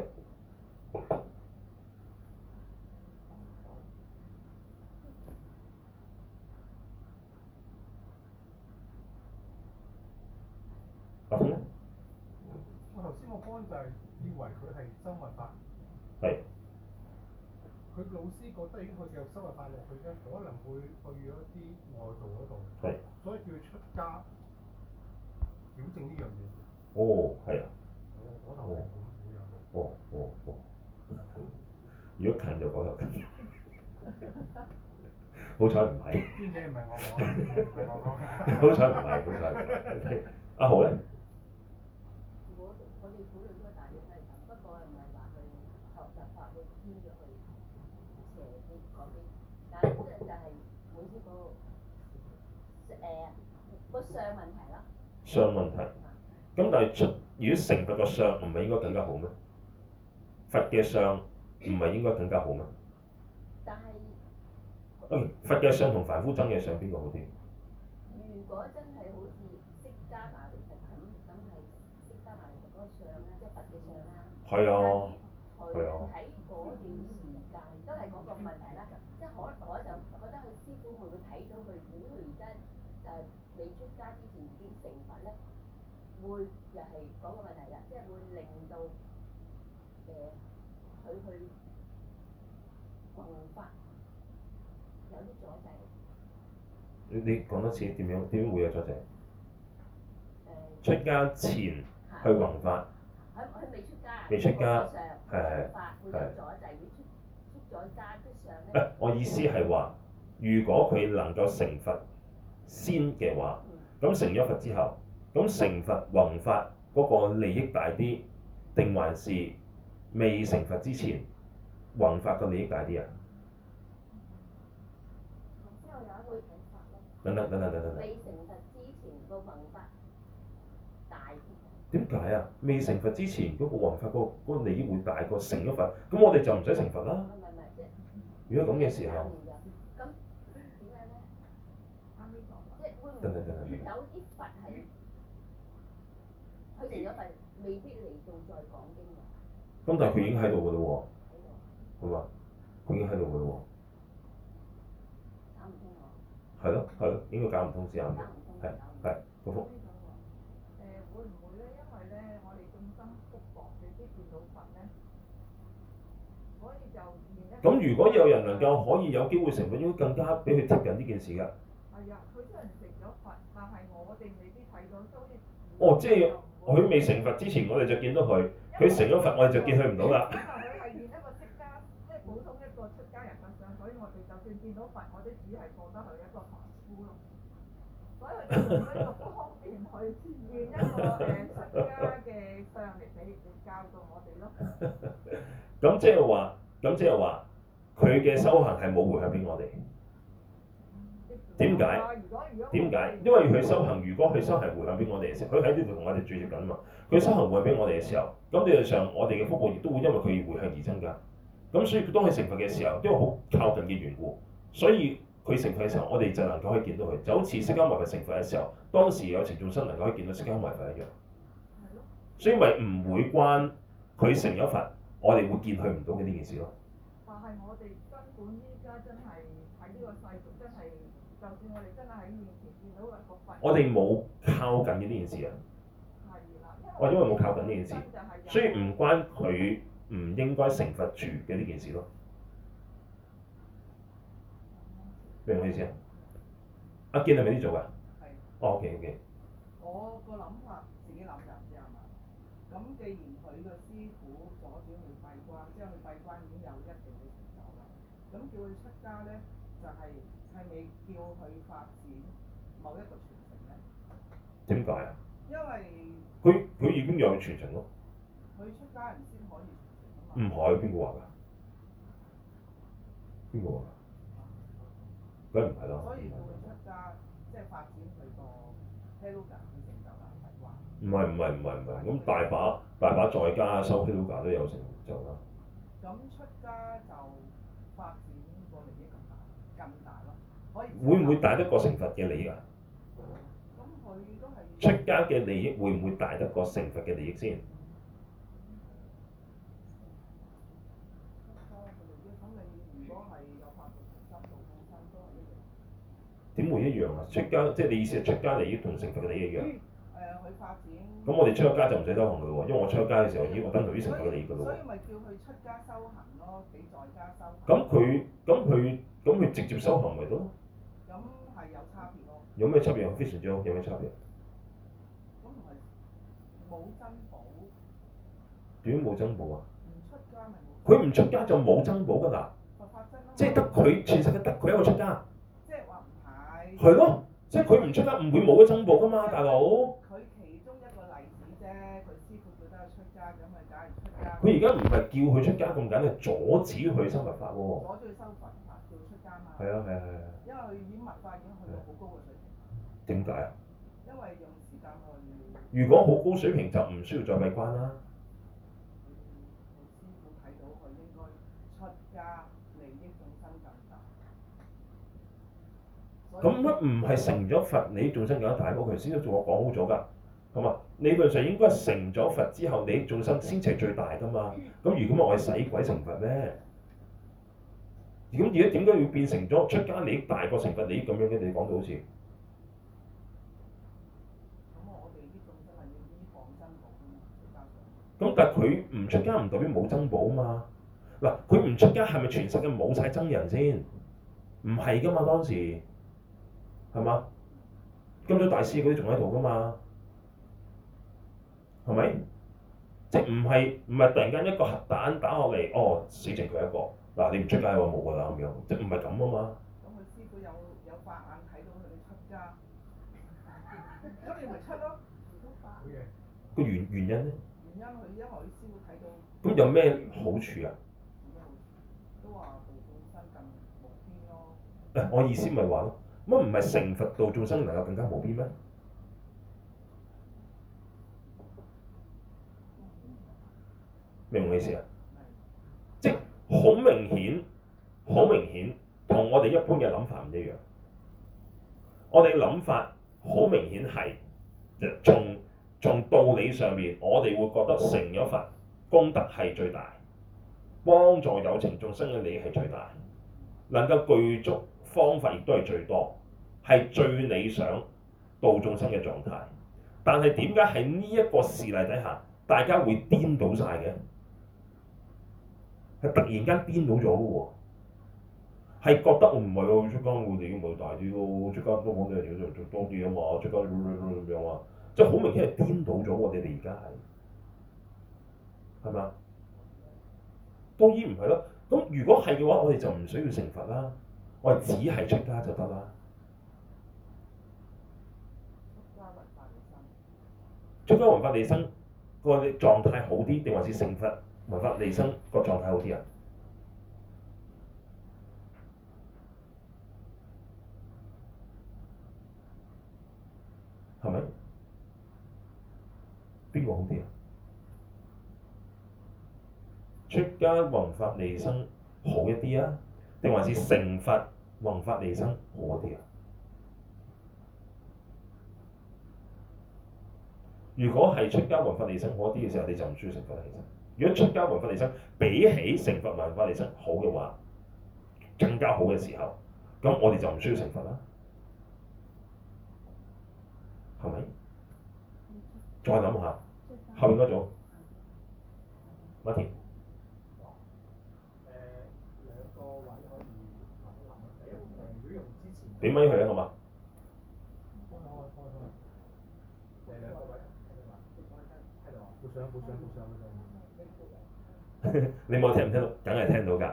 就係以為佢係修密法，係。佢老師覺得已經佢哋有修密法落去啫，可能會去咗啲外道嗰度，係。所以叫佢出家表證呢樣嘢。哦，係、哦。哦，嗰頭黃管啊！哦哦哦，如果近就講就近，好彩唔係。邊個唔係我啊？好彩唔係，好彩。阿豪咧？相問題，咁但係出，如果成佛個相唔係應該更加好咩？佛嘅相唔係應該更加好咩？但係是，佛嘅相同凡夫僧嘅相邊個好啲？如果真係好似釋迦牟尼食品，咁係釋迦牟尼嗰個相咧，即佛嘅相咧，係啊，係是啊。會又係嗰個問題啊，即係會令到佢，呃、去弘法有啲阻滯。你你講多次點樣點樣會有阻滯？呃、出家前的去弘法。佢未出家啊。未出家。出咗，但的出咗的家，呃、我意思係話，如果佢能夠成佛先嘅話，咁，嗯、成咗佛之後。咁成佛弘法嗰個利益大啲，定還是未成佛之前弘法個利益大啲啊？等等等等等等。未成佛之前個弘法大啲。點解啊？未成佛之前嗰個弘法個嗰利益會大過成咗佛，咁我哋就唔使成佛啦。如果咁嘅時候，佢嚟咗，但未必嚟到再講經。咁但係佢已經喺度嘅啦喎，咁啊、嗯，佢已經喺度嘅啦喎。搞唔通啊！係咯係咯，應該搞唔通先啱嘅，係係嗰幅。咁、嗯、如果有人能夠可以有機會成佛，應該更加俾佢貼近呢件事㗎。係啊，佢真係成咗佛，但係我哋未必睇到收益。哦，即係。佢未成佛之前，我哋就見到佢；佢為成咗佛，我哋就見佢唔到啦。佢係演一個出家，即係普通一個出家人嘅相。所以我哋就算見到佛，我都只係覺得佢一個凡夫咯。所以你從一個方便去演一個誒出家嘅相嚟俾教導我哋咯。咁即係話，咁即係話，佢嘅修行係冇回向俾我哋。點解？點解？為因為佢修行，如果佢修行回向俾我哋嘅時候，佢喺呢度同我哋住接近嘛。佢修行回向俾我哋嘅時候，咁嘅上我哋嘅福報亦都會因為佢回向而增加。咁所以當佢成佛嘅時候，因為好靠近嘅緣故，所以佢成佛嘅時候，我哋就能夠可以見到佢，就好似釋迦牟尼成佛嘅時候，當時有情眾生能夠可以見到釋迦牟尼一樣。的所以咪唔會關佢成咗佛，我哋會見佢唔到嘅呢件事咯。但係我哋根本依家真係喺呢個世界真係。就算我哋真係喺面前見到個佛，我哋冇靠近呢件事啊。係啦。我因為冇靠近呢件事，所以唔關佢唔應該懲罰住嘅呢件事咯。嗯、明唔明意思啊？阿健係咪呢組㗎？係的。哦、oh，OK OK 我。我個諗法自己諗就唔知係咪。咁既然佢個師傅阻止佢閉關，之後佢閉關已經有一定嘅成就啦。咁叫佢出家咧，就係、是。係咪叫佢發展某一個傳承咧？點解啊？因為佢佢已經有傳承咯。佢出家人先可以傳承。唔係邊個話㗎？邊個話？梗唔係啦。所以佢出家即係發展佢個 healer 去成就啦。唔係唔係唔係唔係，咁大把大把在家收 healer 都有成就啦。咁出家就發。會唔會大得過成佛嘅利益啊？出家嘅利益會唔會大得過成佛嘅利益先？點會一樣啊？出家即係你意思係出家利益同成佛嘅利益一樣？咁、呃、我哋出咗家就唔使修行啦喎，因為我出咗家嘅時候已經我等同於成佛嘅利益噶啦喎。咁所以咪叫佢出家修行咯，比在家修行。咁佢咁佢咁佢直接修行咪得咯？有咩差別？非常之多？有咩差別？點解冇增補啊？佢唔出家就冇增補噶啦，即係得佢全世界得佢一個出家。即係話唔係。係咯，即係佢唔出家唔會冇增補噶嘛，大佬。佢其中一個例子啫，佢知佢覺得要出家，咁咪梗係出家。佢而家唔係叫佢出家咁緊，係阻止佢修佛法喎。攞咗去修佛法，要出家嘛？係啊係係係。因為佢已經文化已經去到好高嘅地。點解啊？如果好高水平就唔需要再閉關啦。咁乜唔係成咗佛更、嗯？你眾生有得大嗰句先都同我講好咗㗎。咁啊，理論上應該成咗佛之後，你眾生先至係最大㗎嘛。咁如果我係使鬼成佛咩？咁而家點解要變成咗出家利益大過成佛利益咁樣嘅？你講到好似～嗱佢唔出家唔代表冇僧寶嘛，嗱佢唔出家係咪全世界冇晒僧人先？唔係㗎嘛，當時，係嘛？金洲大師嗰啲仲喺度㗎嘛，係咪？即唔係唔係突然間一個核彈打落嚟，哦死剩佢一個，嗱你唔出家就冇㗎啦咁樣，即唔係咁啊嘛。咁佢師傅有有法眼睇到佢哋出家，咁你咪出咯。個原原因咧？咁有咩好處啊？我意思咪話咯，乜唔係成佛度眾生能夠更加無邊咩？嗯、明唔明意思啊？嗯、即好明顯，好明顯，同我哋一般嘅諗法唔一樣。我哋諗法好明顯係從從道理上面，我哋會覺得成咗佛功德係最大，幫助有情眾生嘅利益係最大，能夠具足方法亦都係最多，係最理想度眾生嘅狀態。但係點解喺呢一個事例底下，大家會顛倒晒嘅？係突然間顛倒咗嘅喎，係覺得唔係喎，嗯啊、會會點出家我哋已經會大啲咯，出家多講啲嘢就多啲嘢嘛，出家咁樣嘛。即好明顯係編倒咗我哋哋而家係，係咪啊？當然唔係咯。咁 如果係嘅話，我哋就唔需要成佛啦。我哋只係出家就得啦。出家 文化利生，個狀態好啲定還是成佛？文化利生個狀態好啲啊？係咪？邊個好啲啊？出家弘法利生好一啲啊？定還是成佛弘法利生好一啲啊？如果係出家弘法利生好啲嘅時候，你就唔需要成佛啦。其實，如果出家弘法利生比起成佛弘法利生好嘅話，更加好嘅時候，咁我哋就唔需要成佛啦。再諗下，後面嗰種，乜嘢？幾蚊起啊？好嘛？你冇聽唔聽到？梗係聽唔到㗎。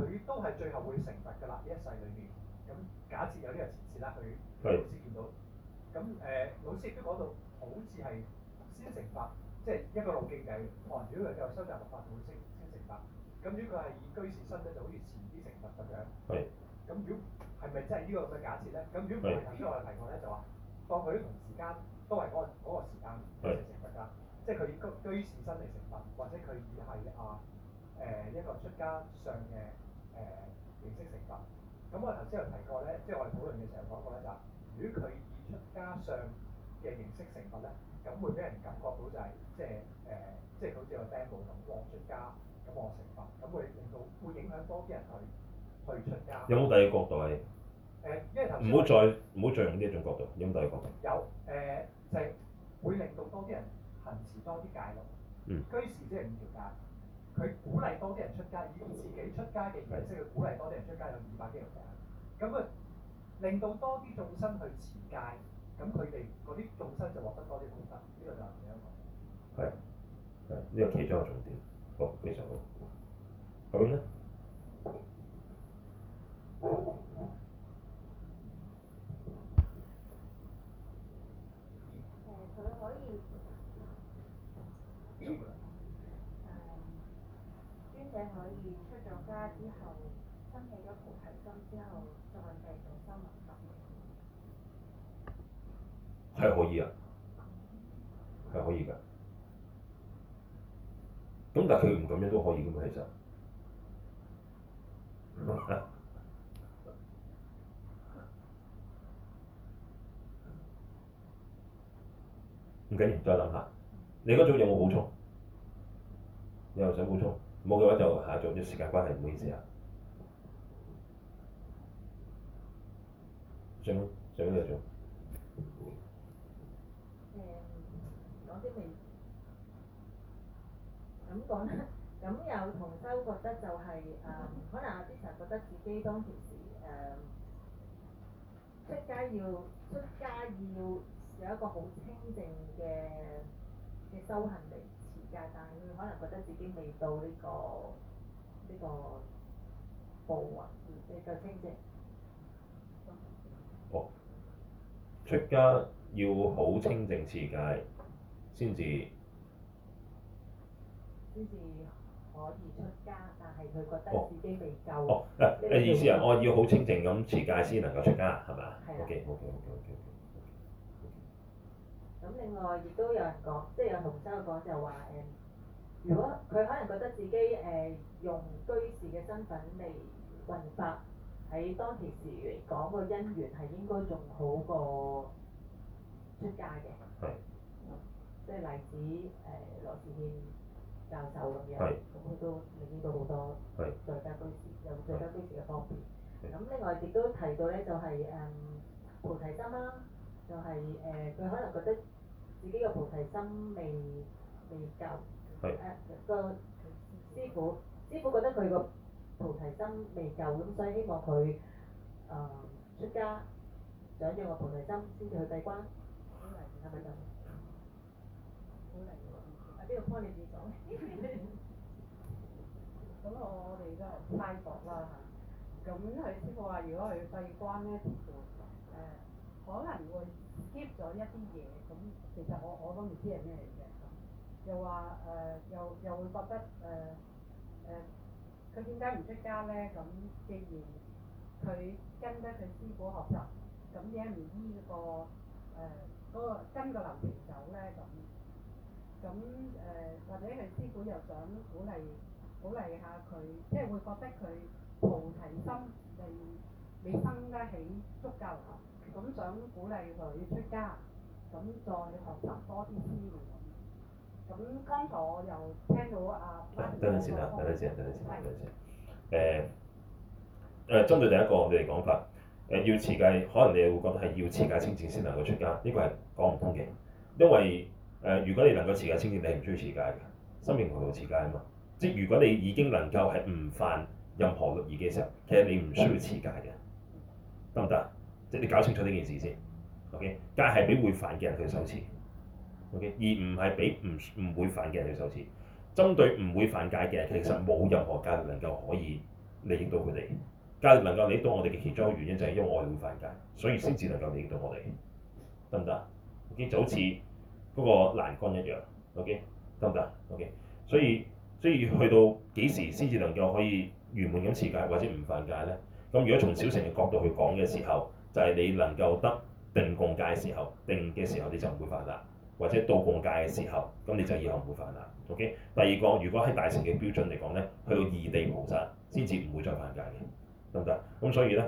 佢都係最後會成佛㗎啦，呢一世裏面。咁、嗯、假設有呢個前世啦，佢老師見到，咁、嗯、誒、呃、老師亦都講到，好似係先成佛，即係一個路徑就係，可能如果佢夠修得佛法，會先先成佛。咁如果佢係以居士身咧，就好似遲啲成佛咁樣。咁如果係咪真係呢個嘅假設咧？咁如果唔係，頭先我哋提過咧就話，當佢同時間都係嗰、那個嗰、那個時間先成佛㗎， 即係佢以居士身嚟成佛，或者佢以係啊誒、呃、一個出家上嘅。呃誒、呃、形式成分，咁我頭先又提過咧，即係我哋討論嘅時候講過咧就，如果佢以出家上嘅形式成分咧，咁會俾人感覺到就係即係誒，即係好似個 band 同光出家咁個成分，咁會令到會影響多啲人去出家。有冇第二個角度？誒、呃，因為頭唔好再唔好再用呢一種角度，有冇第二個角度？有，誒就係會令到多啲人行持多啲戒律。嗯、居士即係五條戒。佢鼓勵多啲人出街，以自己出街嘅形式去鼓勵多啲人出街有，有二百幾人。咁佢令到多啲眾生去持戒，咁佢哋嗰啲眾生就獲得多啲功德，呢、這個就係第一個。係，係，呢、這個其中嘅重點，好、哦，非常好。咁咧？嗯係可以出咗家之後，申請咗保體金之後，再繼續生活緊。係可以啊，係可以㗎。咁但係佢唔咁樣都可以㗎嘛，其實。唔緊要，再諗下。你嗰組有冇補充？你又想補充？冇嘅話就下晝啲時間關係唔好意思啊。上上邊繼續。誒，啲未、um,。咁講啦。咁有同修覺得就係、是、誒、呃，可能阿底峽覺得自己當其時誒、呃、出街要出街要有一個好清淨嘅嘅修行地。但佢可能覺得自己未到呢、這個、這個、步雲，你再聽先。哦，出家要好清淨持戒，先至先至可以出家，但係佢覺得自己未夠，哦啊啊啊。意思、啊、我要好清淨咁持戒先能夠出家，係咪？係咁另外亦都有人講，即係有同修講就話誒，如果佢可能覺得自己誒、呃、用居士嘅身份嚟弘法，喺當其時嚟講個因緣係應該仲好過出家嘅，是即係例子誒羅時憲教授咁樣，咁佢是都令到好多在家是居士有在家居士嘅方便。咁是另外亦都提到咧就係、是、誒、嗯、菩提心啦、啊，就係誒佢可能覺得。自己個菩提心未未夠是，誒、啊、個師傅師傅覺得佢個菩提心未夠，咁所以希望佢誒、呃、出家，想要個菩提心先至去閉關，係咪咁？好嚟喎，喺邊度幫你哋講？咁 我哋都係猜博啦嚇，咁佢師傅話如果去閉關咧，誒可能會。keep 咗一啲嘢，咁其實我我都唔知係咩嚟嘅，咁又話誒，又、呃、又，又會覺得誒誒，佢點解唔出家咧？咁、呃、既然佢跟得佢師傅學習，咁點解唔依個誒，嗰、呃、個跟個流程走咧？咁咁誒，或者係師傅又想鼓勵鼓勵下佢，即係會覺得佢菩提心未未生得起足夠。咁想鼓勵佢出家，咁再學習多啲知門咁。咁剛才我又聽到阿、啊，等陣先啊，等陣先，等陣先，等陣先。誒、呃，誒、呃，針對第一個我哋嚟講法，誒、呃、要持戒，可能你會覺得係要持戒清淨先能夠出家，呢個係講唔通嘅。因為誒、呃，如果你能夠持戒清淨，你係唔需要持戒嘅，心平氣和持戒啊嘛。即係如果你已經能夠係唔犯任何律儀嘅時候，其實你唔需要持戒嘅，得唔得？行即係你搞清楚呢件事先，O.K. 戒係俾會犯嘅人去受持，O.K. 而唔係俾唔唔會犯嘅人去受持。針對唔會犯戒嘅人，其實冇任何戒能夠可以利益到佢哋。戒能夠利益到我哋嘅其中一個原因，就係因為我係會犯戒，所以先至能夠利益到我哋。得唔得？O.K. 就好似嗰個欄桿一樣，O.K. 得唔得？O.K. 所以，所以去到幾時先至能夠可以圓滿咁持戒或者唔犯戒咧？咁如果從小乘嘅角度去講嘅時候，就係你能夠得定共戒時候，定嘅時候你就唔會犯啦，或者到共戒嘅時候，咁你就以後唔會犯啦。OK。第二個，如果喺大乘嘅標準嚟講咧，去到異地菩薩先至唔會再犯戒嘅，得唔得？咁所以咧，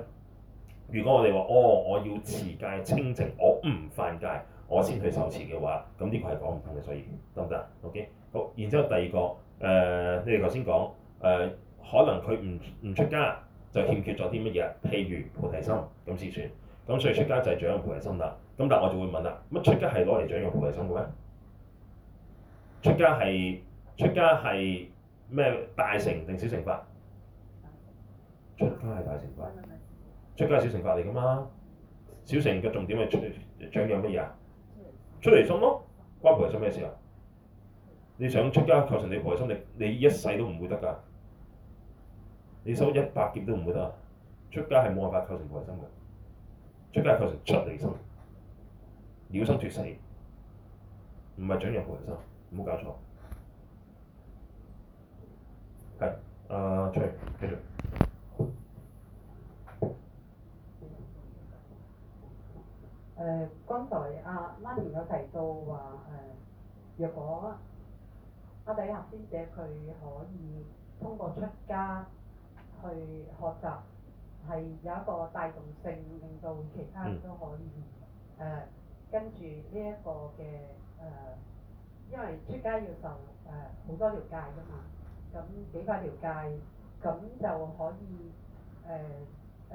如果我哋話哦，我要持戒清淨，我唔犯戒，我先去受持嘅話，咁呢個係講唔通嘅。所以得唔得？OK。好，然之後第二個，誒、呃，你哋頭先講，誒、呃，可能佢唔唔出家。就欠缺咗啲乜嘢？譬如菩提心咁先算。咁所以出家就係長養菩提心啦。咁但係我就會問啦：乜出家係攞嚟長養菩提心嘅咩？出家係，出家係咩大乘定小乘法？出家係大乘法，出家係小乘法嚟噶嘛？小乘嘅重點係長養有乜嘢啊？出離心咯，關菩提心咩事啊？你想出家求成你菩提心，你你一世都唔會得㗎。你修一百劫都唔會得，出家係冇辦法構成菩提心嘅，出家構成出離心、了生脫死，唔係掌入菩提心，唔好搞錯。係，誒、呃、，Chief，繼續。呃、剛才阿、啊、媽咪有提到話誒，若、呃、果阿底峽尊者，佢、啊、可以通過出家。去學習係有一個帶動性，令到其他人都可以誒、嗯呃、跟住呢一個嘅誒、呃，因為出家要受誒好、呃、多條戒㗎嘛，咁幾百條戒咁就可以誒誒、呃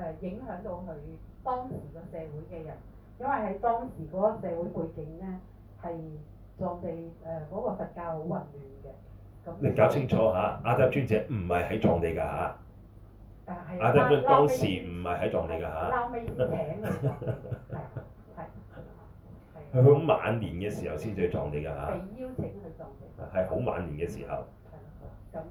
呃、影響到佢當時個社會嘅人，因為喺當時嗰個社會背景咧係藏地誒嗰、呃那個佛教好混亂嘅，咁。你搞清楚嚇、啊，阿底峽尊者唔係喺藏地㗎嚇、啊。啊！但係、啊、當時唔係喺撞你㗎嚇，撈尾請啊！係啊是晚年嘅時候先至撞你㗎嚇。被邀請去撞你。係好晚年嘅時候。咁誒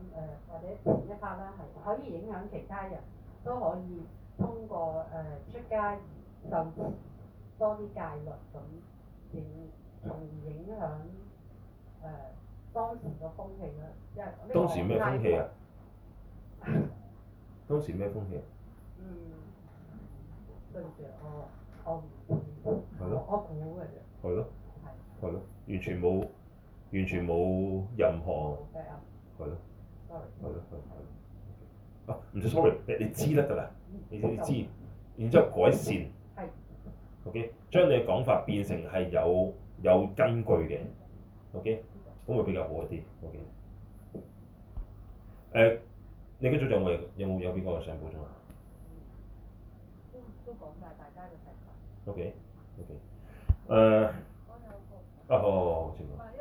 或者前一拍啦，係可以影響其他人，都可以通過誒、呃、出家，而受多啲戒律咁影，從而影響誒、呃、當時嘅風氣啦。因為呢啲。當時咩風氣啊？ 啊當時咩風氣？嗯，對住我，我我估嘅係咯。係咯，完全冇，完全冇任何。係啊。係咯。sorry。係咯係咯。啊，唔使 sorry，你知得㗎啦，你你知，然之後改善。係。ok，將你嘅講法變成係有有根據嘅，ok，咁會比較好啲，ok、呃。誒。你嗰組仲有冇有冇有邊個上報咗？都都講晒大家嘅情況。OK OK，誒啊好，我接啦。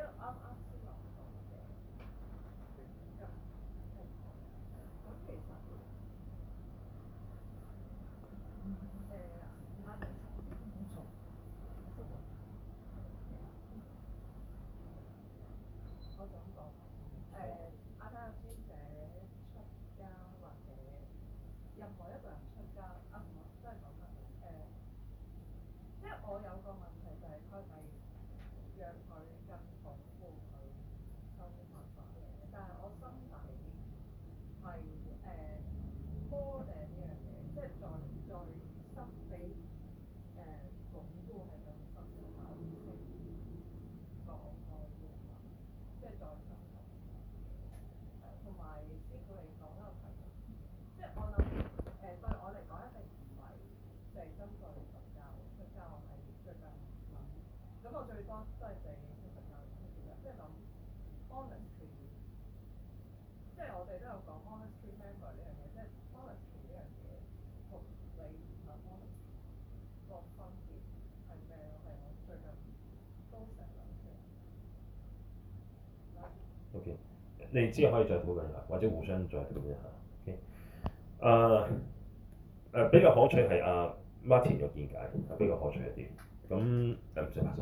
你哋之後可以再討論下，或者互相再討論一下。O.K.，uh, uh, 比較可取係阿 Martin 嘅見解，uh, 比較可取一啲。咁誒，唔使啦，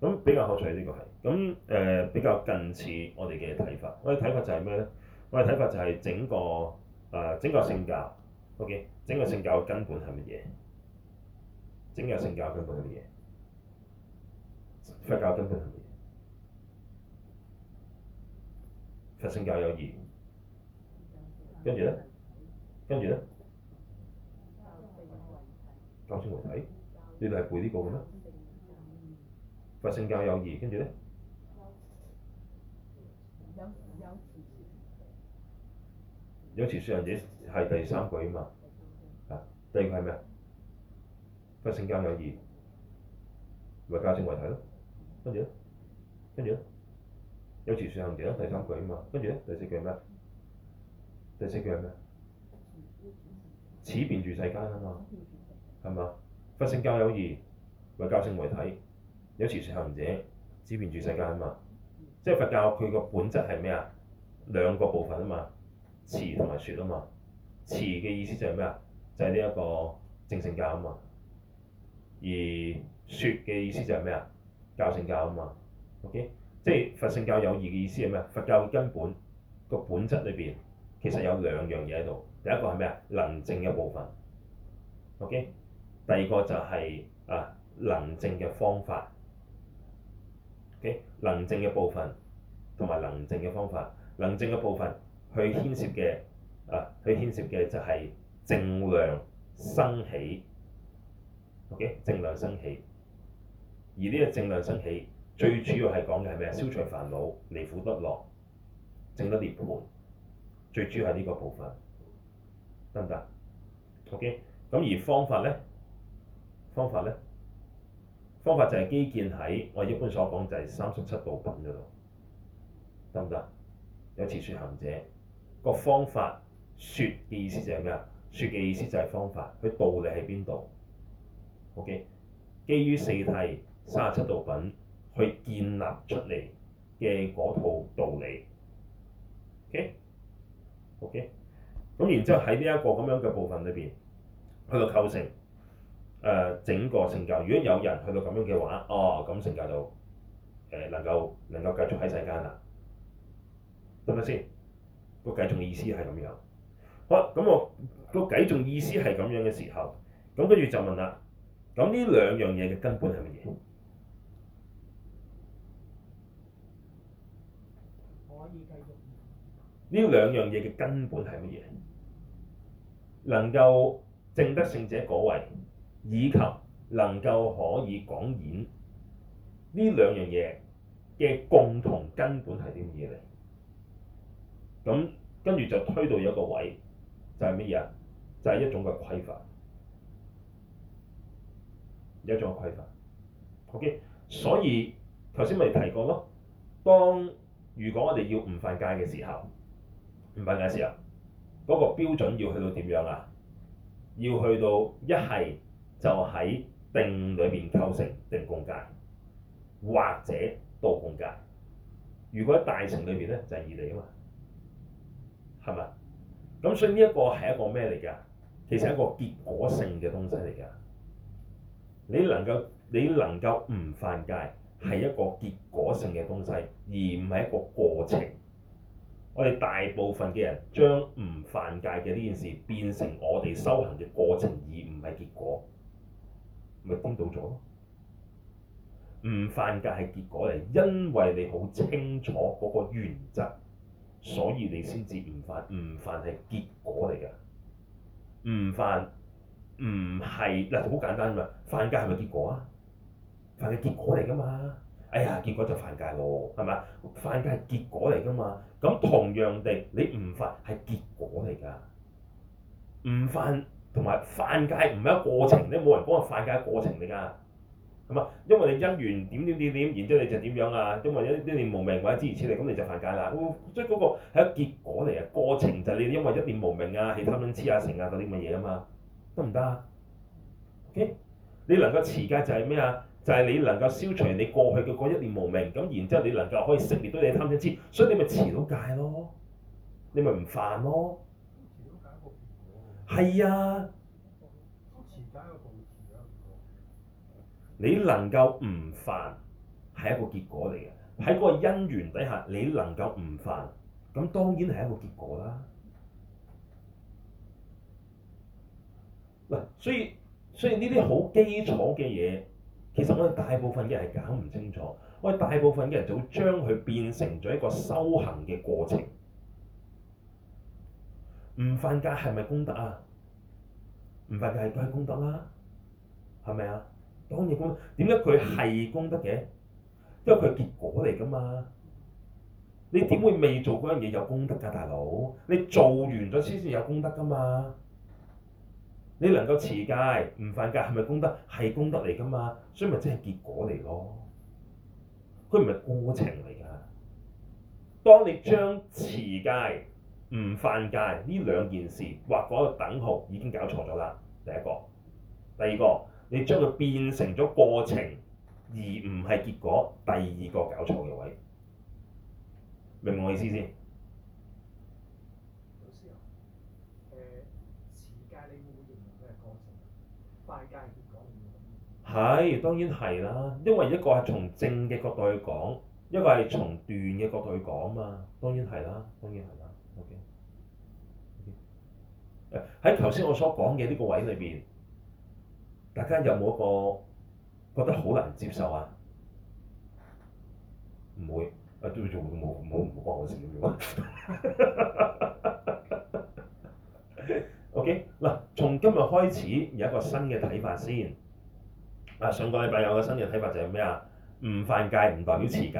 咁比較可取呢個係，咁誒比較近似我哋嘅睇法。我哋睇法就係咩咧？我哋睇法就係整個誒、uh, 整個聖教、okay? 整個聖教嘅根本係乜嘢？整個聖教根本係乜嘢？佛教根本係乜嘢？佛聖教有二，跟住呢，跟住呢，教證為體，你哋係背呢個嘅咩？佛聖教有二，跟住呢，有有持說行者係第三句啊嘛，啊，第二句係咩啊？佛聖教有二，咪教證為體咯，跟住呢，跟住呢。有持説行者咯，第三句啊嘛，跟住咧第四句係咩啊？第四句係咩啊？此便住世間啊嘛，係嘛？佛聖教有二，謂教證為體，有持説行者，此便住世間啊嘛。即係佛教佢個本質係咩啊？兩個部分啊嘛，持同埋説啊嘛。持嘅意思就係咩啊？就係呢一個證聖教啊嘛。而説嘅意思就係咩啊？教聖教啊嘛。Okay? 即係佛聖教有義嘅意思係咩？佛教嘅根本個本質裏邊其實有兩樣嘢喺度。第一個係咩啊？能證嘅部分，OK。第二個就係、是、啊能證嘅方法，OK。能證嘅部分同埋能證嘅方法，能證嘅部分去牽涉嘅啊，去牽涉嘅就係證量生起，OK。證量生起，而呢個證量生起。最主要係講嘅係咩啊？消除煩惱，離苦得樂，證得涅槃。最主要係呢個部分得唔得？OK。咁而方法咧，方法咧，方法就係基建喺我一般所講就係三十七道品嗰度，得唔得？有詞説行者個方法説嘅意,意思就係咩啊？説嘅意思就係方法，佢道理喺邊度？OK。基於四諦三十七道品。去建立出嚟嘅嗰套道理，OK，OK，okay? okay? 咁然之後喺呢一個咁樣嘅部分裏邊，去到構成，誒、呃、整個聖教。如果有人去到咁樣嘅話，哦，咁聖教到，誒、呃、能夠能夠繼續喺世間啦，係咪先？個繼續意思係咁樣，好啦，咁我個繼續意思係咁樣嘅時候，咁跟住就問啦，咁呢兩樣嘢嘅根本係乜嘢？呢兩樣嘢嘅根本係乜嘢？能夠證得聖者果位，以及能夠可以講演呢兩樣嘢嘅共同根本係啲乜嘢嚟？咁跟住就推到有一個位，就係乜嘢啊？就係、是、一種嘅規範。有一種嘅規範。OK，所以頭先咪提過咯，當。如果我哋要唔犯戒嘅時候，唔犯戒嘅時候，嗰個標準要去到點樣啊？要去到一係就喺定裏邊構成定共戒，或者道共戒。如果喺大乘裏邊咧，就係二地嚟啊嘛，係咪？咁所以呢一個係一個咩嚟㗎？其實係一個結果性嘅東西嚟㗎。你能夠你能夠唔犯戒，係一個結果性嘅東西，而唔係一個過程。我哋大部分嘅人將唔犯戒嘅呢件事變成我哋修行嘅過程，而唔係結果，咪顛到咗咯。唔犯戒係結果嚟，因為你好清楚嗰個原則，所以你先至唔犯。唔犯係結果嚟噶，唔犯唔係嗱，好簡單㗎嘛，犯戒係咪結果啊？但係結果嚟噶嘛？哎呀，結果就犯戒喎，係咪犯戒係結果嚟噶嘛？咁同樣地，你唔犯係結果嚟噶，唔犯同埋犯戒唔係一個過程，你冇人幫你犯戒嘅過程嚟噶。咁啊，因為你因緣點點點點，然之後你就點樣啊？因為一念點無明或者諸如此類，咁你就犯戒啦。即、哦、係嗰個係一個結果嚟嘅，過程就係你因為一念無明啊，起貪嗔痴啊成，啊嗰啲咁嘅嘢啊嘛，得唔得啊？OK，你能夠持戒就係咩啊？就係你能夠消除你過去嘅嗰一念無明，咁然之後你能夠可以識別到你貪嗔痴，所以你咪遲到戒咯，你咪唔犯咯。係啊。你能夠唔犯係一個結果嚟嘅，喺嗰個因緣底下你能夠唔犯，咁當然係一個結果啦。嗱，所以所以呢啲好基礎嘅嘢。其實我哋大部分嘅人係搞唔清楚，我哋大部分嘅人就會將佢變成咗一個修行嘅過程。唔瞓覺係咪功德啊？唔瞓覺係咪功德啦？係咪啊？當然功德，點解佢係功德嘅？因為佢係結果嚟㗎嘛。你點會未做嗰樣嘢有功德㗎，大佬？你做完咗先至有功德㗎嘛？你能夠持戒唔犯戒係咪功德？係功德嚟噶嘛？所以咪即係結果嚟咯。佢唔係過程嚟噶。當你將持戒、唔犯戒呢兩件事劃咗一個等號，已經搞錯咗啦。第一個，第二個，你將佢變成咗過程，而唔係結果。第二個搞錯嘅位，明唔明我意思先？係當然係啦，因為一個係從正嘅角度去講，一個係從斷嘅角度去講嘛。當然係啦，當然係啦。O.K. 好、OK? 嘅、啊。誒喺頭先我所講嘅呢個位裏邊，大家有冇一個覺得好難接受啊？唔會，啊都會做都冇冇唔幫我先 O.K. 呢、啊，嗱，從今日開始有一個新嘅睇法先。嗱，上個禮拜有個新嘅睇法就係咩啊？唔犯戒唔代表持戒，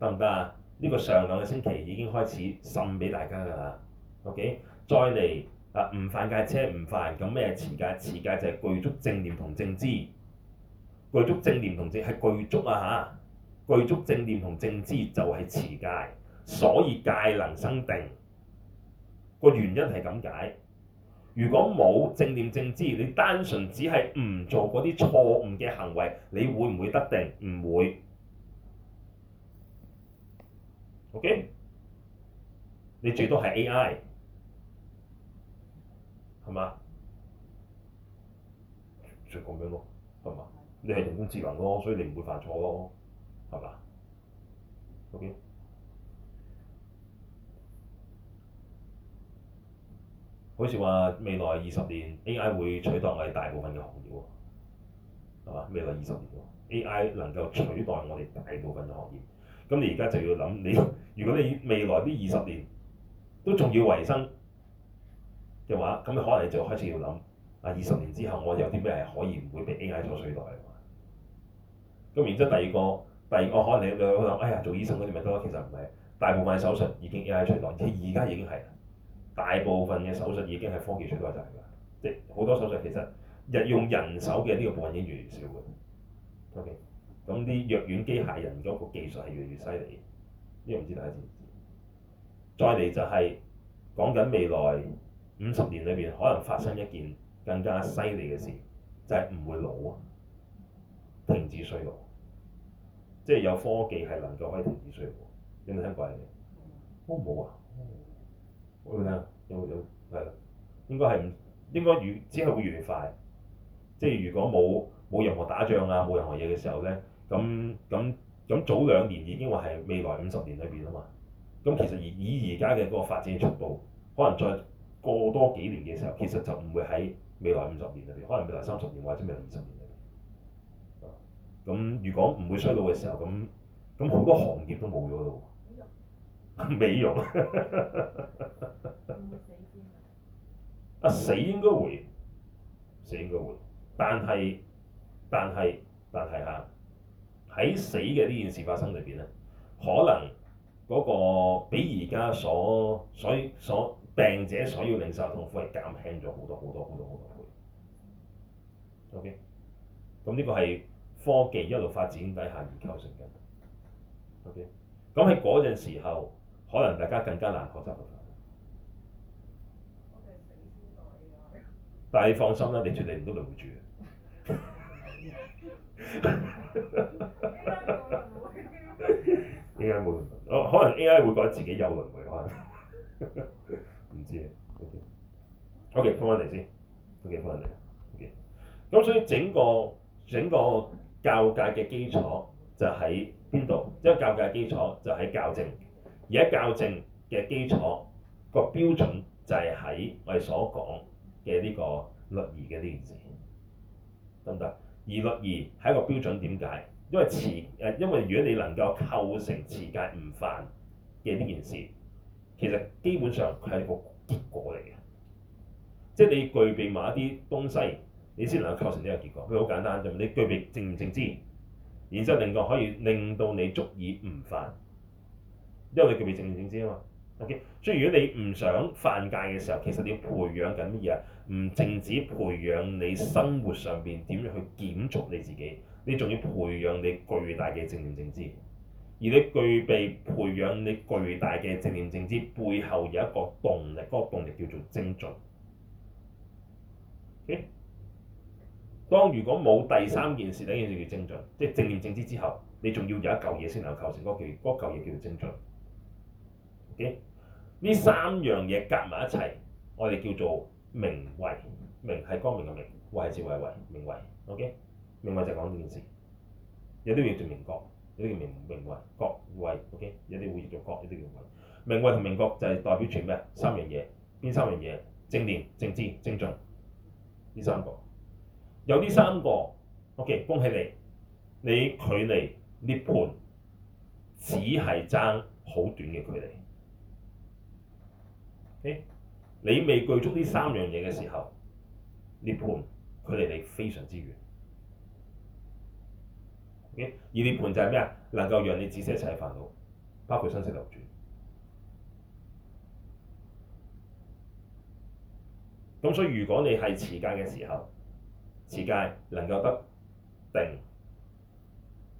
得唔得啊？呢、這個上兩個星期已經開始 send 俾大家㗎啦。OK，再嚟啊！唔犯戒車，車唔犯，咁咩係持戒？持戒就係具足正念同正知。具足正念同正係具足啊！嚇，具足正念同正知就係持戒，所以戒能生定。個原因係咁解。如果冇正念正知，你單純只係唔做嗰啲錯誤嘅行為，你會唔會得定？唔會。OK，你最多係 AI，係嘛？就咁樣咯，係嘛？你係人工智能咯，所以你唔會犯錯咯，係嘛？OK。好似話未來二十年 A.I. 會取代我哋大部分嘅行業喎，係嘛？未來二十年喎，A.I. 能夠取代我哋大部分嘅行業，咁你而家就要諗你，如果你未來呢二十年都仲要維生嘅話，咁你可能就開始要諗啊，二十年之後我有啲咩係可以唔會被 A.I. 所取代啊，咁然之後第二個，第二個可能你你可能，哎呀做醫生嗰啲咪得？其實唔係，大部分嘅手術已經 A.I. 取代，而且而家已經係。大部分嘅手術已經係科技取代晒㗎喇，即好多手術其實日用人手嘅呢個部分已經越嚟越少嘅。O.K. 咁啲藥院機械人嗰、這個技術係越嚟越犀利，呢個唔知大家知唔知？再嚟就係講緊未來五十年裏邊可能發生一件更加犀利嘅事，就係、是、唔會老啊，停止衰老，即係有科技係能夠可以停止衰老。有冇聽過、哦、好啊？我冇啊。會啦，有有係啦，應該係唔應該越只係會越嚟越快，即係如果冇冇任何打仗啊，冇任何嘢嘅時候咧，咁咁咁早兩年已經話係未來五十年裏邊啊嘛，咁其實以而家嘅嗰個發展速度，可能再過多幾年嘅時候，其實就唔會喺未來五十年裏邊，可能未來三十年或者未來二十年裏邊。啊，咁如果唔會衰落嘅時候，咁咁好多行業都冇咗咯喎。美容啊，死應該會，死應該會，但係但係但係嚇喺死嘅呢件事發生裏邊咧，可能嗰個比而家所所以所病者所要領受痛苦係減輕咗好多好多好多好多，多，多倍。嗯、OK，咁呢個係科技一路發展底下而構成嘅。OK，咁喺嗰陣時候。可能大家更加難學習。Okay, 但係放心啦， 你絕對唔會輪迴住。 A.I. 會，我可能 A.I. 會覺得自己有輪迴 能唔 知 OK，嘅、okay，翻返嚟先，OK，翻返嚟，OK，咁所以整個整個教界嘅基礎就喺邊度？因為教界嘅基礎就喺教正。而家校正嘅基礎個標準就係喺我哋所講嘅呢個律儀嘅呢件事，得唔得？而律儀係一個標準點解？因為持誒，因為如果你能夠構成持戒唔犯嘅呢件事，其實基本上佢係個結果嚟嘅，即係你具備埋一啲東西，你先能夠構成呢個結果。譬如好簡單就你具備正唔正知，然之後令到可以令到你足以唔犯。因為你具備正念正知啊嘛，ok。所以如果你唔想犯戒嘅時候，其實你要培養緊乜嘢啊？唔淨止培養你生活上邊點樣去檢索你自己，你仲要培養你巨大嘅正念正知。而你具備培養你巨大嘅正念正知，背後有一個動力，嗰個動力叫做精進。ok。當如果冇第三件事，第一件事叫精進，即係正念正知之後，你仲要有一嚿嘢先能夠構成嗰個叫，嗰嚿嘢叫做精進。呢、okay? 三樣嘢夾埋一齊，我哋叫做明慧。明係光明嘅明，慧智慧嘅慧，明慧。O.K. 明慧就係講呢件事。有啲會叫做明覺，有啲叫明明慧、覺慧。O.K. 有啲會叫做覺，有啲叫慧。明慧同明覺就係代表住咩？三樣嘢，邊三樣嘢？正念、正知、正見。呢三個，有呢三個。O.K. 恭喜你，你距離涅槃只係爭好短嘅距離。你未具足呢三樣嘢嘅時候，涅槃距離你非常之遠。而涅槃就係咩啊？能夠讓你止息一切煩惱，包括生死流轉。咁所以如果你係持戒嘅時候，持戒能夠得定，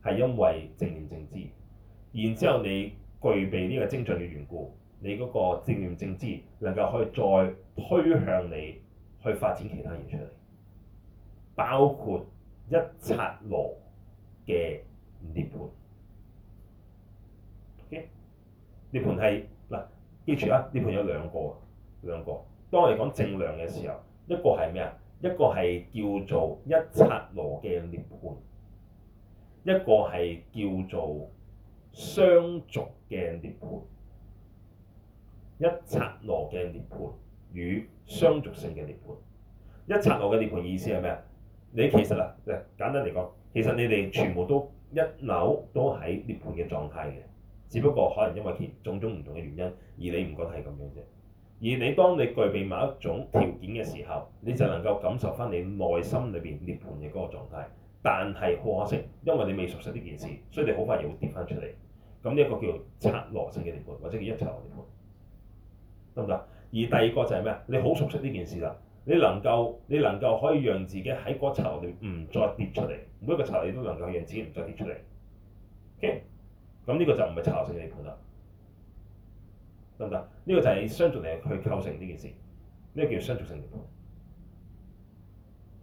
係因為正念正知，然之後你具備呢個精進嘅緣故。你嗰個正念正知能夠可以再推向你去發展其他嘢出嚟，包括一拆羅嘅涅槃。OK，涅槃係嗱記住啊，涅槃有兩個，兩個。當我哋講正量嘅時候，一個係咩啊？一個係叫做一拆羅嘅涅槃，一個係叫做雙軸嘅涅槃。一剎那嘅涅槃與相續性嘅涅槃，一剎那嘅涅槃意思係咩啊？你其實啊，簡單嚟講，其實你哋全部都一扭都喺涅槃嘅狀態嘅，只不過可能因為種種唔同嘅原因，而你唔覺得係咁樣啫。而你當你具備某一種條件嘅時候，你就能夠感受翻你內心裏邊涅槃嘅嗰個狀態。但係好可惜，因為你未熟悉呢件事，所以你好快又會跌翻出嚟。咁呢一個叫做剎那性嘅涅槃，或者叫一剎那涅槃。得唔得？而第二個就係咩啊？你好熟悉呢件事啦，你能夠你能夠可以讓自己喺嗰巢裏唔再跌出嚟，每一個巢你都能夠讓自己唔再跌出嚟。OK，咁、嗯、呢、這個就唔係巢性離盤啦，得唔得？呢、這個就係相續嚟去構成呢件事，呢、這、咩、個、叫相續性離盤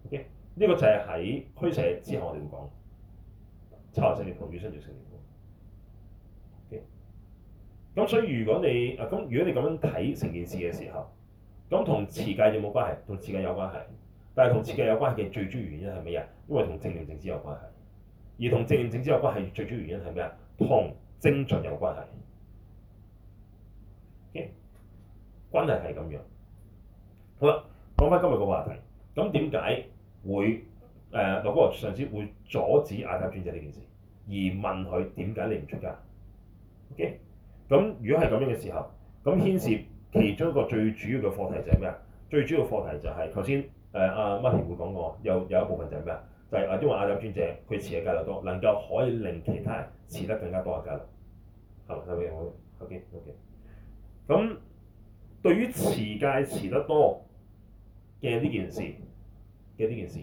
？OK，呢個就係喺虛寫之後我哋會講巢性離盤與相續性離盤。咁所以如果你啊，咁，如果你咁樣睇成件事嘅時候，咁同持戒有冇關係？同持戒有關係，但係同持戒有關係嘅最主要原因係咩啊？因為同正念正知有關係，而同正念正知有關係最主要原因係咩啊？同精進有關係，O.K. 關係係咁樣。好啦，講翻今日個話題，咁點解會誒羅、呃、古達上師會阻止阿底峽尊者呢件事，而問佢點解你唔出家 o、okay? 咁如果係咁樣嘅時候，咁牽涉其中一個最主要嘅課題就係咩啊？最主要課題就係頭先誒阿 Martin 會講過，有有一部分就係咩啊？就係、是、因為亞洲尊者佢持嘅戒律多，能夠可以令其他人持得更加多嘅戒律。好收 OK OK。咁對於持戒持得多嘅呢件事嘅呢件事，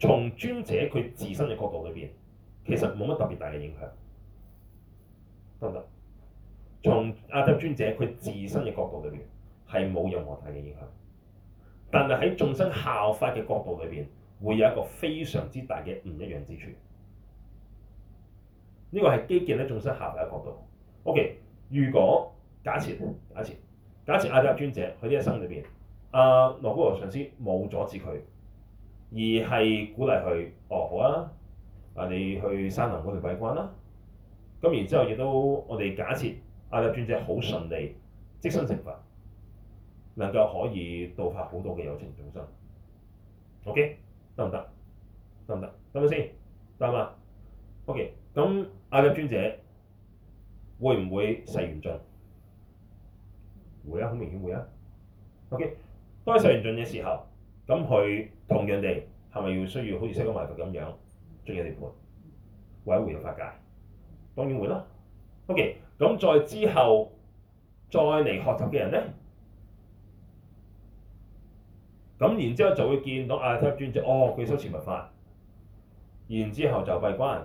從尊者佢自身嘅角度裏邊，其實冇乜特別大嘅影響，得唔得？從阿底峽尊者佢自身嘅角度裏邊係冇任何大嘅影響，但係喺眾生效法嘅角度裏邊會有一個非常之大嘅唔一樣之處。呢個係基建喺眾生效法嘅角度。O.K. 如果假設假設假設阿底峽尊者佢呢一生裏邊阿羅睺羅上師冇阻止佢，而係鼓勵佢，哦好啊，啊你去山林嗰條閉關啦、啊。咁然之後亦都我哋假設。亞歷尊者好順利即身成佛，能夠可以度化好多嘅有情眾生。OK，得唔得？得唔得？得咪先？得嘛？OK，咁亞歷尊者會唔會世緣盡？會啊，好明顯會啊。OK，當世緣盡嘅時候，咁佢同樣地係咪要需要好似釋迦牟尼佛咁樣進入涅槃、毀壇發戒？當然會啦、啊。OK。咁再之後，再嚟學習嘅人咧，咁然之後就會見到阿底峽尊者哦，佢修習密法，然之後就閉關，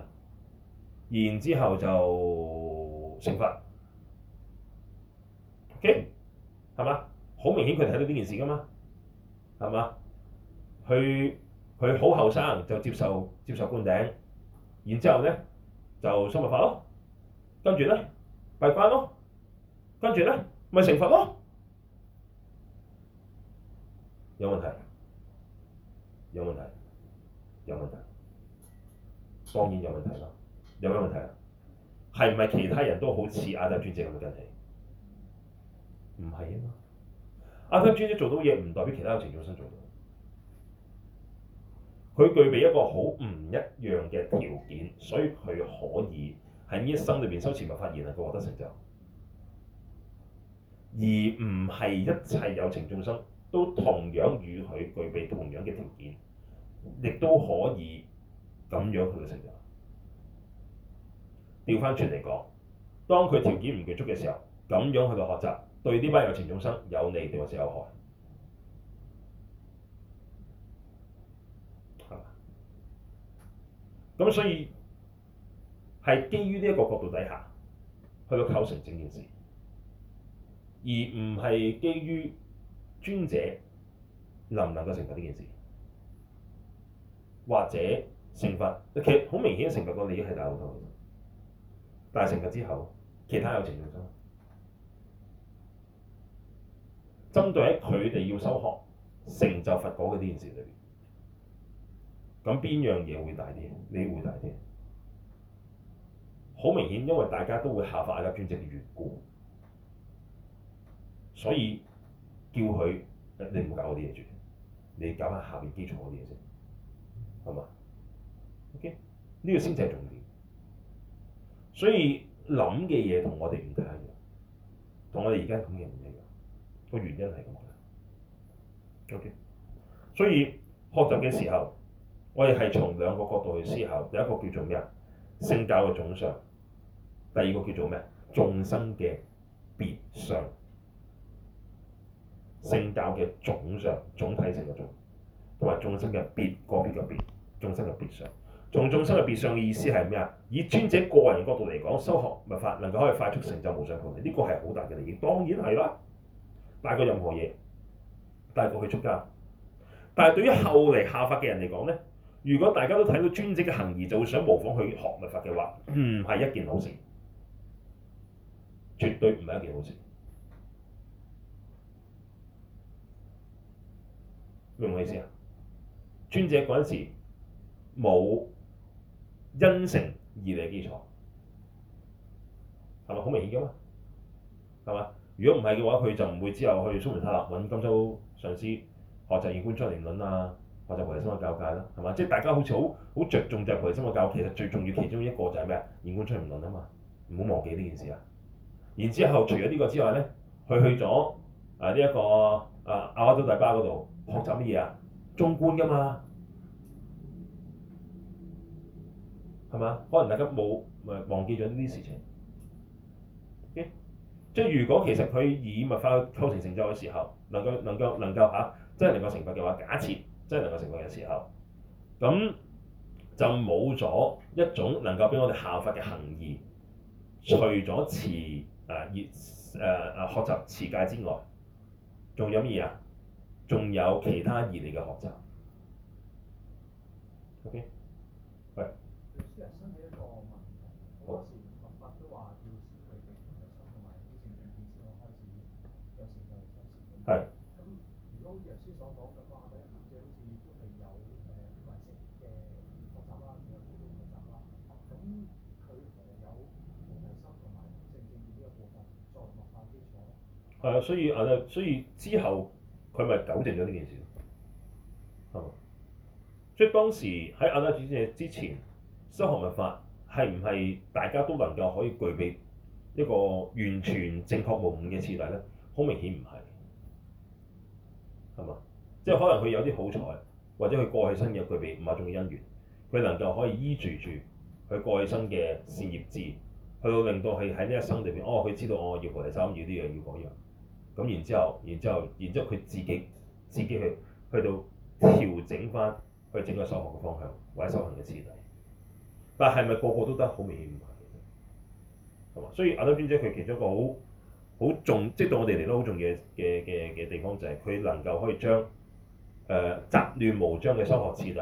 然之後就成佛。O.K.，係嘛？好明顯佢睇到呢件事噶嘛，係嘛？佢佢好後生就接受接受灌頂，然之後咧就修習密法咯，跟住咧，閉關咯，跟住咧，咪成佛咯？有問題啊？有問題？有問題？當然有問題啦！有咩問題啊？係唔係其他人都好似阿底峽尊者咁嘅問題？唔係啊嘛！阿底峽尊者做到嘢唔代表其他有情眾生做到，佢具備一個好唔一樣嘅條件，所以佢可以。喺呢一生裏邊修持佛法，然後佢獲得成就，而唔係一切有情眾生都同樣與佢具備同樣嘅條件，亦都可以咁樣去到成就。調返轉嚟講，當佢條件唔具足嘅時候，咁樣去到學習，對呢班有情眾生有利定還是有害？啊，咁所以。係基於呢一個角度底下，去到構成整件事，而唔係基於尊者能唔能夠成就呢件事，或者成佛，其實好明顯成佛個利益係大好多。但係成佛之後，其他有成就都。針對喺佢哋要修學成就佛果嘅呢件事裏邊，咁邊樣嘢會大啲？你會大啲？好明顯，因為大家都會效法而家專職嘅緣故，所以叫佢你唔好搞嗰啲嘢住，你搞翻下面基礎嗰啲嘢先，係嘛？OK，呢個先至係重點。所以諗嘅嘢同我哋唔太一樣，同我哋而家咁嘅唔一樣，個原因係咁樣。OK，所以學習嘅時候，我哋係從兩個角度去思考，第一個叫做咩啊？聖教嘅總相。第二個叫做咩？眾生嘅別相，聖教嘅總相，總體性嘅總，同埋眾生嘅別個別個別，眾生嘅別相。從眾生嘅別相嘅意思係咩啊？以尊者個人角度嚟講，修學密法能夠可以快速成就無上菩提，呢個係好大嘅利益，當然係啦。大過任何嘢，大過去出家。但係對於後嚟效法嘅人嚟講咧，如果大家都睇到尊者嘅行誼，就會想模仿佢學密法嘅話，唔係一件好事。絕對唔係一件好事，明唔明我意思啊？尊者嗰陣時冇恩承二利嘅基礎，係咪好明顯噶嘛？係嘛？如果唔係嘅話，佢就唔會之後去蘇門答臘揾金洲上師學習《現觀莊嚴論》啊，學習菩提心嘅教誡啦，係嘛？即大家好似好好着重就菩提心嘅教，其實最重要其中一個就係咩啊？《現觀莊嚴論》啊嘛，唔好忘記呢件事啊！然之後，除咗呢個之外咧，佢去咗啊呢一、這個啊阿瓦州大巴嗰度學習乜嘢啊？中觀㗎嘛，係咪？可能大家冇咪忘記咗呢啲事情。Okay. 即係如果其實佢以物化構成成就嘅時候，能夠能夠能夠嚇即係能夠成佛嘅話，假設真係能夠成佛嘅時候，咁就冇咗一種能夠俾我哋效法嘅行誼，除咗詞。誒熱誒誒學習持戒之外，仲有乜嘢啊？仲有其他二類嘅學習，OK。係啊，所以亞、啊、所以，啊、所以之後佢咪糾正咗呢件事咯，係嘛？即係當時喺阿底峽尊者之前，修學密法係唔係大家都能夠可以具備一個完全正確無誤嘅次第咧？好明顯唔係，係嘛？即係可能佢有啲好彩，或者佢過去生嘅具備五種因緣，佢能夠可以依住住佢過去生嘅善業資，去令到佢喺呢一生裏邊，哦，佢知道我要菩提心，要呢、這、嘢、個，要嗰、這、樣、個。咁然之後，然之後，然之後，佢自己自己去去到調整翻去整個修學嘅方向，或者修行嘅次第。但係咪個個都得？好明顯唔係，係嘛？所以阿底峽尊者佢其中一個好好重，即係對我哋嚟都好重要嘅嘅嘅地方，就係佢能夠可以將誒雜亂無章嘅修學次第，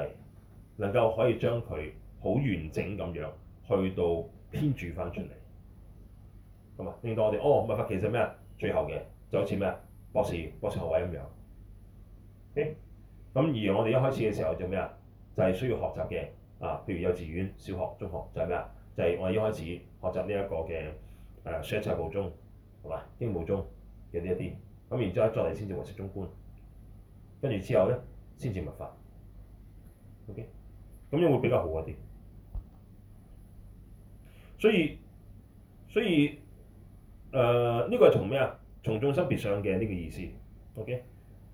能夠可以將佢好完整咁樣去到編著翻出嚟，係嘛？令到我哋哦唔係其實咩，最後嘅。就好似咩啊，博士、博士學位咁樣。咁、okay? 而我哋一開始嘅時候做咩啊？就係、是、需要學習嘅啊，譬如幼稚園、小學、中學就係咩啊？就係、是就是、我哋一開始學習呢一個嘅誒，上座部宗好嘛？經部宗嘅呢一啲，咁然之後再嚟先至唯識中觀，跟住之後咧先至密法。O.K.，咁樣會比較好一啲。所以，所以誒，呢、呃這個係從咩啊？從眾生別上嘅呢個意思，OK。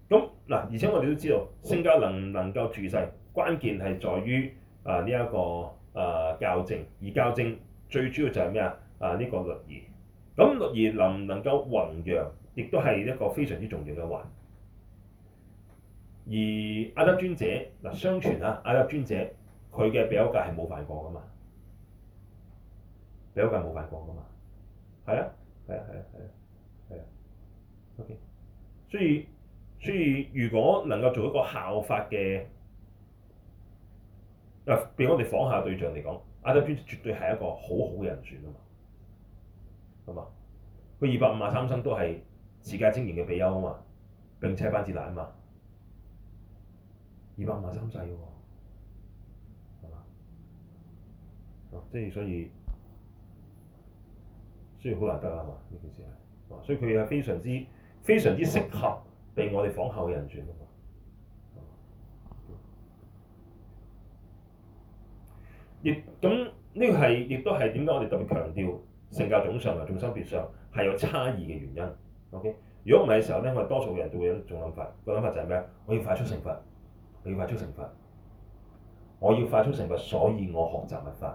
咁嗱，而且我哋都知道，聖教能唔能夠住世，關鍵係在於啊呢一個啊教、呃、證，而教證最主要就係咩啊？啊、這、呢個律儀。咁、嗯、律儀能唔能夠弘揚，亦都係一個非常之重要嘅環。而阿德尊者嗱，相傳啊，阿德尊者佢嘅比丘戒係冇犯過㗎嘛？比丘戒冇犯過㗎嘛？係啊，係啊，係啊，係啊。O.K.，所以所以如果能夠做一個效法嘅，嗱、呃，俾我哋仿效對象嚟講，阿底峽尊者絕對係一個好好嘅人選啊嘛，啊嘛，佢二百五十三生都係自家精英嘅比丘啊嘛，並且班智達啊嘛，二百五十三世喎，係嘛，即係所以雖然好難得啊嘛，呢件事啊，所以佢係非常之非常之適合被我哋仿效嘅人轉，亦咁，呢個係亦都係點解我哋特別強調聖教總相同眾生別相係有差異嘅原因。OK，如果唔係嘅時候咧，我哋多數人都會有一種諗法，個諗法就係咩，我要快速成佛，我要快速成佛，我要快速成佛，所以我學習物法。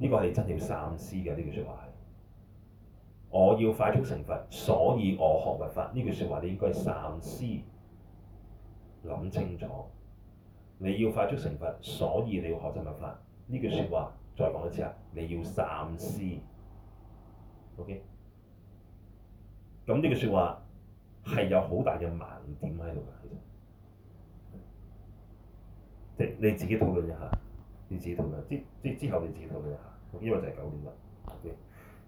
呢、呢個係真要三思嘅呢句説話。我要快速成佛，所以我學佛法。呢句説話，你應該三思，諗清楚。你要快速成佛，所以你要學習佛法。呢句説話，再講一次啊！你要三思。Okay？咁呢句説話係有好大嘅盲點喺度㗎，其實。即你自己討論一下，你自己討論，即之之後你自己討論一下，呢個就係九點嘞。OK。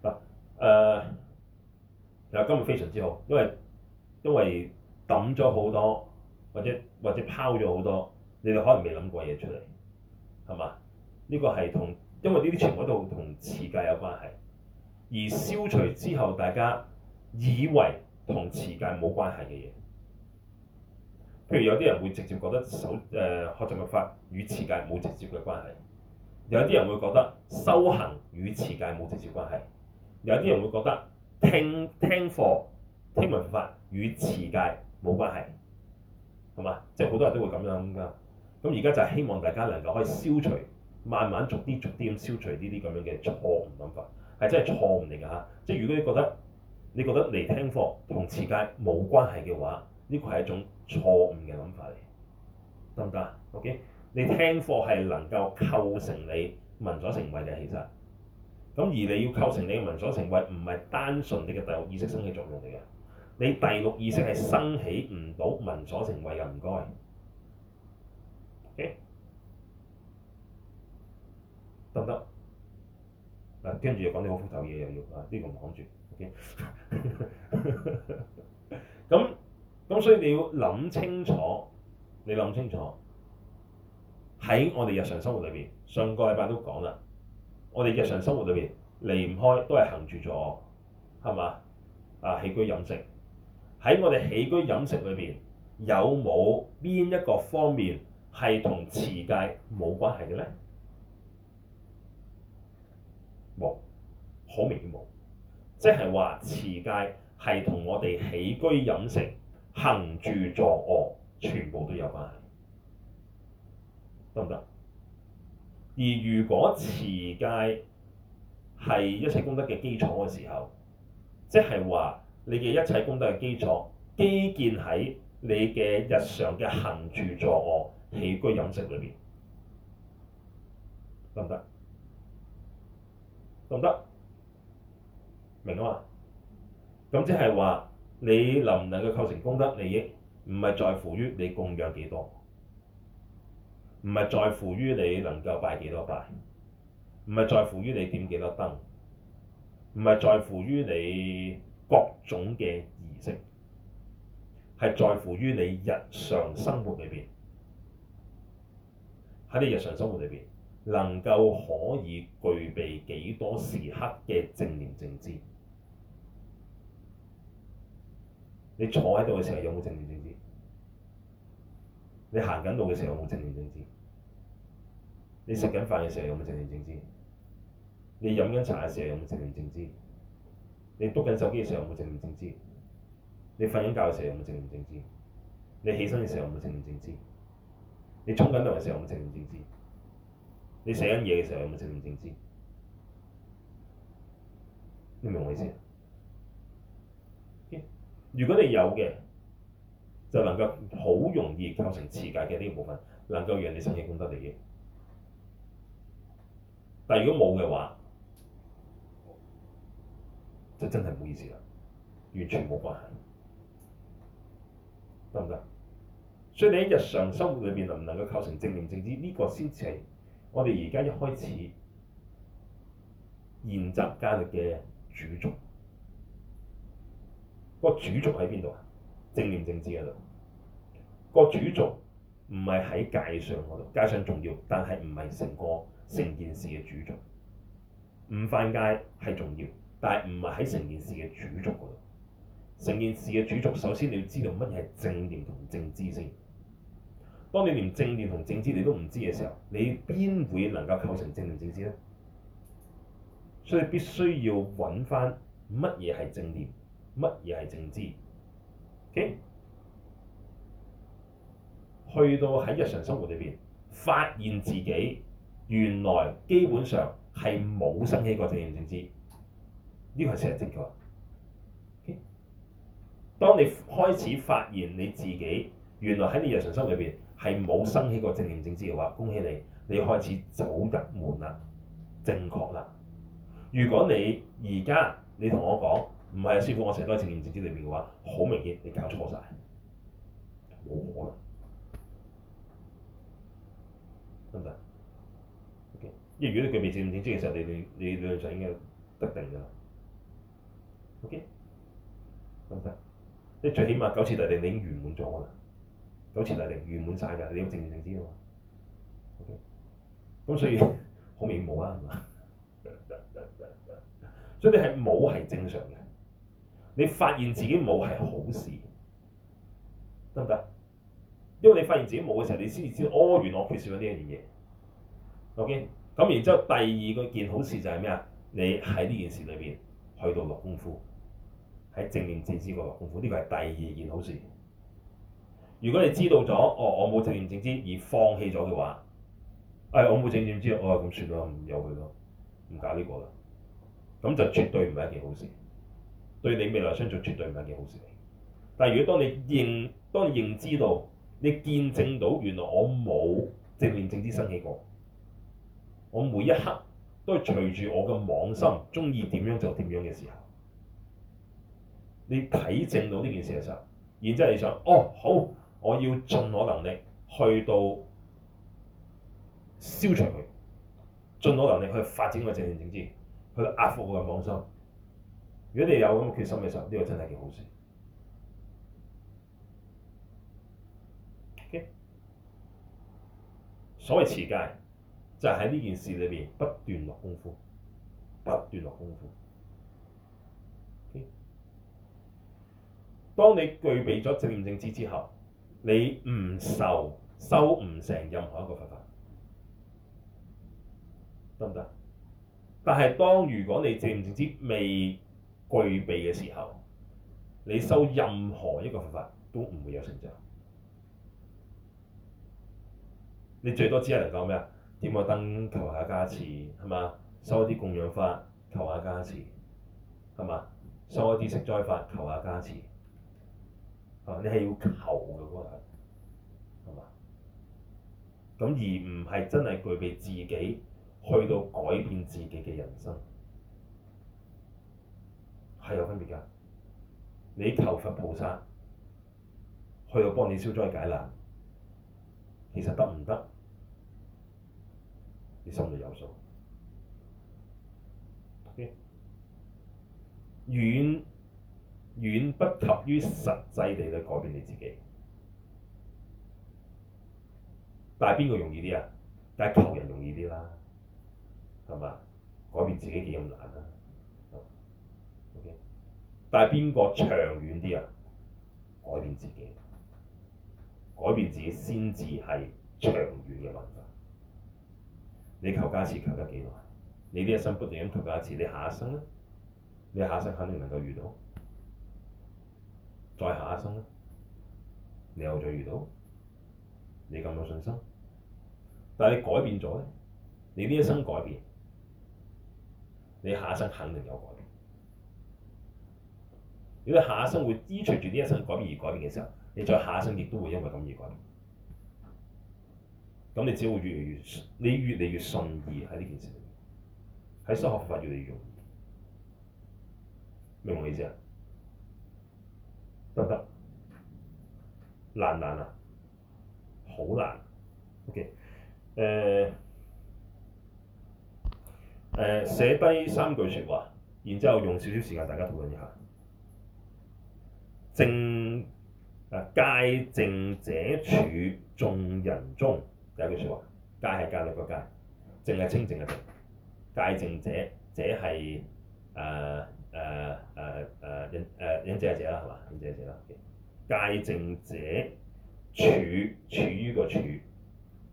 嗱。誒其、uh, 今日非常之好，因為因為抌咗好多或者或者拋咗好多，你哋可能未諗過嘢出嚟係嘛？呢、這個係同因為呢啲全部都同持戒有關係，而消除之後，大家以為同持戒冇關係嘅嘢，譬如有啲人會直接覺得手誒學習密法與持戒冇直接嘅關係，有啲人會覺得修行與持戒冇直接關係。有啲人會覺得聽聽課、聽文法與持戒冇關係，係嘛？即係好多人都會咁樣咁噶。咁而家就希望大家能夠可以消除，慢慢逐啲逐啲咁消除呢啲咁樣嘅錯誤諗法，係真係錯誤嚟㗎嚇。即係如果你覺得你覺得嚟聽課同持戒冇關係嘅話，呢個係一種錯誤嘅諗法嚟，得唔得？OK，你聽課係能夠構成你聞所成慧嘅，其實。咁而你要構成你嘅聞所成慧，唔係單純你嘅第六意識生嘅作用嚟嘅。你第六意識係生起唔到聞所成慧、okay? 啊、又唔該。得唔得？嗱，跟住又講啲好複雜嘅嘢又要啊，呢、這個唔講住。咁、okay? 咁 所以你要諗清楚，你諗清楚喺我哋日常生活裏邊，上個禮拜都講啦。我哋日常生活裏邊離唔開，都係行住坐，係嘛？啊，起居飲食，喺我哋起居飲食裏邊，有冇邊一個方面係同持戒冇關係嘅咧？冇，好明顯冇。即係話持戒係同我哋起居飲食、行住坐卧全部都有關係，得唔得？ 而如果持戒係一切功德嘅基礎嘅時候，即係話你嘅一切功德嘅基礎，基建喺你嘅日常嘅行住坐卧、起居飲食裏邊，得唔得？得唔得？明啊嘛？咁即係話你能唔能夠構成功德利益，唔係在乎於你供養幾多。唔係在乎於你能夠拜幾多拜，唔係在乎於你點幾多燈，唔係在乎於你各種嘅儀式，係在乎於你日常生活裏邊，喺你日常生活裏邊能夠可以具備幾多時刻嘅正念正知，你坐喺度嘅時候有冇正念正知？你行緊路嘅時候有冇正念正知？你食緊飯嘅時候有冇正念正知？你飲緊茶嘅時候有冇正念正知？你督緊手機嘅時候有冇正念正知？你瞓緊覺嘅時候有冇正念正知？你起身嘅時候有冇正念正知？你沖緊涼嘅時候有冇正念正知？你寫緊嘢嘅時候有冇正念正知？你明唔明我意思？如果你有嘅，就能夠好容易構成持戒嘅呢個部分，能夠讓你生起功德利益。但如果冇嘅話，就真係唔好意思啦，完全冇關係，得唔得？所以你喺日常生活裏邊能唔能夠構成正念正知，呢個先至係我哋而家一開始研習戒律嘅主軸。個主軸喺邊度啊？正念正知喺度，個主軸唔係喺戒上嗰度，戒上重要，但係唔係成個成件事嘅主軸。唔犯戒係重要，但係唔係喺成件事嘅主軸嗰度。成件事嘅主軸，首先你要知道乜嘢係正念同正知先。當你連正念同正知你都唔知嘅時候，你邊會能夠構成正念正知咧？所以必須要揾翻乜嘢係正念，乜嘢係正知。Okay. 去到喺日常生活裏邊，發現自己原來基本上係冇生起過正念正知，呢個係事實嚟嘅喎。Okay. 當你開始發現你自己原來喺你日常生活裏邊係冇生起過正念正知嘅話，恭喜你，你開始走入門啦，正確啦。如果你而家你同我講，唔係啊，師傅，我成日都喺正面認知裏面嘅話，好明顯你搞錯晒，冇可能，得唔得？OK，一語都具備正面認知，即係其實你你你兩場應該得定噶啦。OK，得唔得？即最起碼九次大定你已經圓滿咗啦，九次大定圓滿曬㗎，你要正面認知㗎嘛。OK，咁所以好明顯冇啊，係、嗯、咪？ 所以你係冇係正常嘅。你發現自己冇係好事，得唔得？因為你發現自己冇嘅時候，你先知哦，原來我缺少咗呢一樣嘢。OK，咁然之後第二個件好事就係咩啊？你喺呢件事裏邊去到落功夫，喺正念正知嗰度落功夫，呢個係第二件好事。如果你知道咗哦，我冇正念正知而放棄咗嘅話，誒、哎，我冇正念正知，我、哦、咁算啦，唔由佢咯，唔搞呢個啦。咁就絕對唔係一件好事。對你未來相續絕對唔係件好事嚟。但係如果當你認，當你認知道，你見證到原來我冇正念正知生起過，我每一刻都係隨住我嘅妄心，中意點樣就點樣嘅時候，你體證到呢件事嘅時候，然之後你想，哦，好，我要盡我能力去到消除佢，盡我能力去發展我正念正知，去壓服我嘅妄心。如果你有咁嘅決心嘅時候，呢個真係件好事。Okay. 所謂持戒，就係喺呢件事裏面不斷落功夫，不斷落功夫。嘅、okay，當你具備咗正念正知之後，你唔受收唔成任何一個佛法，得唔得？但係當如果你正唔正知未，具備嘅時候，你修任何一個佛法都唔會有成就。你最多只係嚟講咩啊？點個燈求下加持係嘛？修一啲供養法求下加持係嘛？修一啲息災法求下加持。啊！你係要求嘅嗰個係嘛？咁而唔係真係具備自己去到改變自己嘅人生。係有分別㗎，你求佛菩薩，去到幫你消災解難，其實得唔得？你心裏有數，遠遠、嗯、不及於實際地去改變你自己。但係邊個容易啲啊？但係求人容易啲啦，係嘛？改變自己幾咁難啊？但係邊個長遠啲啊？改變自己，改變自己先至係長遠嘅辦法。你求加持求得幾耐？你呢一生不斷咁求加持，你下一生咧，你下一生肯定能夠遇到。再下一生咧，你又再遇到，你咁有信心？但係你改變咗咧，你呢一生改變，你下一生肯定有改變。如果下一生會依隨住呢一生改變而改變嘅時候，你再下一生亦都會因為咁而改變。咁你只會越嚟越，你越嚟越順意喺呢件事裏面，喺修學法越嚟越容易。明唔明我意思啊？得唔得？難難啊！好難。OK，誒、呃、誒、呃，寫低三句説話，然之後用少少時間大家討論一下。正啊，戒正者處眾人中，有句説話，戒係戒律個戒，正係清淨一個正，戒正者者係誒誒誒誒人誒忍者者啦，係、啊、嘛？忍者者啦，嘅戒正者處處於個處，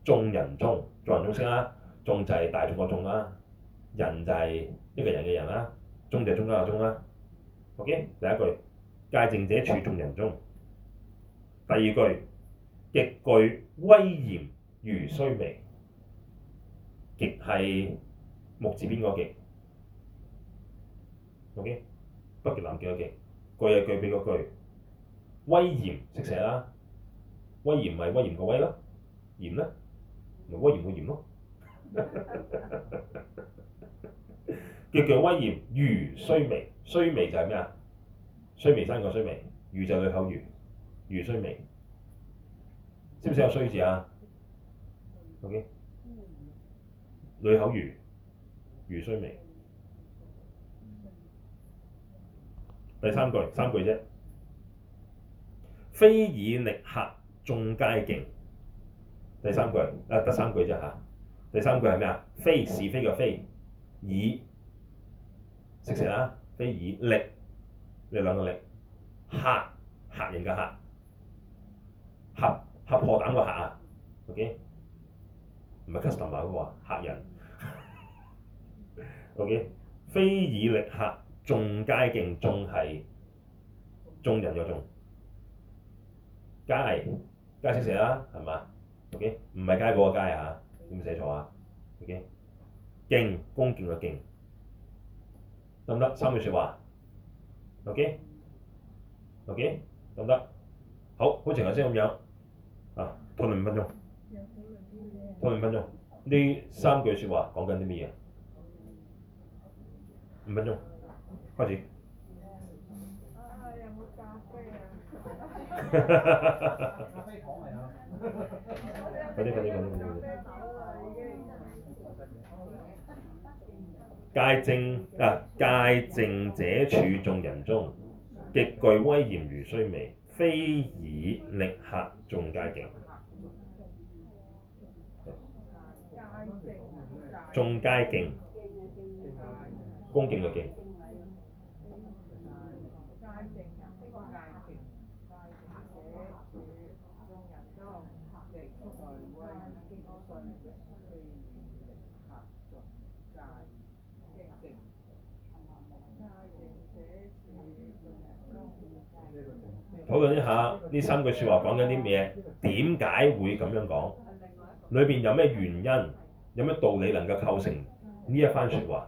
眾人中，眾人中先啦，眾就係大眾個眾啦，人就係一個人嘅人啦，LIAM，就中就係中間個中啦，OK，第一句。戒淨者處眾人中。第二句，極具威嚴如衰微。極係木字邊個極？OK 北極南極嗰極？句係句邊個句？威嚴即係啦，威嚴咪威嚴個威咯，嚴啦，咪、就是、威嚴會嚴咯。 極具威嚴如衰微，衰微就係咩啊？衰眉，三個衰眉，魚就魚口魚，魚衰眉，識唔識有衰字啊？OK，魚 口魚，魚衰眉， 第三句，三句啫。非以力克仲佳勁，第三句，得、啊、三句啫嚇，第三句係咩啊？非是非嘅非，以識唔識啊？非以力你兩個力，嚇嚇人嘅嚇，嚇嚇破膽嘅嚇啊，OK，唔係 customer 啊，佢話嚇人、嗯、 ，OK，非以力嚇，眾皆敬，眾係，眾人嘅眾，皆皆識寫啦，係嘛？OK，唔係街嗰個街啊，有冇寫錯啊？OK，敬恭敬嘅敬，得唔得？三句説話。o k OK 得唔得？好，好似頭先咁樣啊，討論五分鐘，討論五分鐘。呢三句説話講緊啲咩嘢？五分鐘，開始。快 啲！ 快啲！快啲！快啲！戒正啊！戒正者處眾人中，極具威嚴如須彌，非以力克眾皆勁，眾皆勁，恭敬力勁。討論一下呢三句説話講緊啲咩？點解會咁樣講？裏邊有咩原因？有咩道理能夠構成呢一番說話？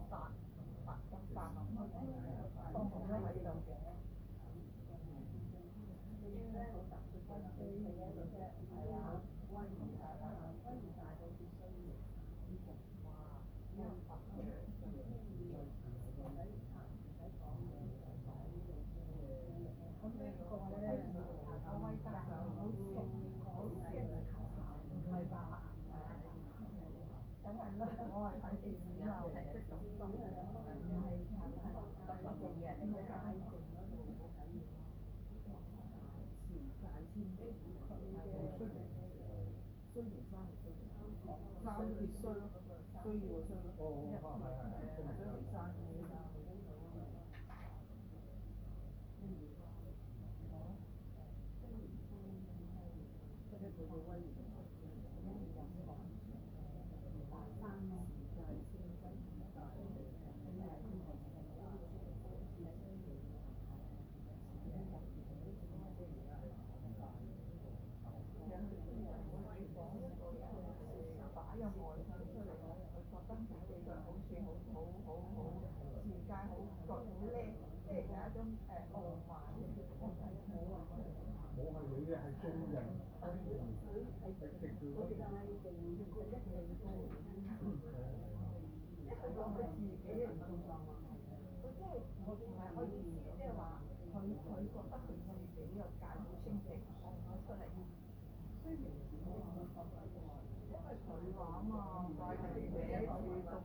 我、啊嗯、我反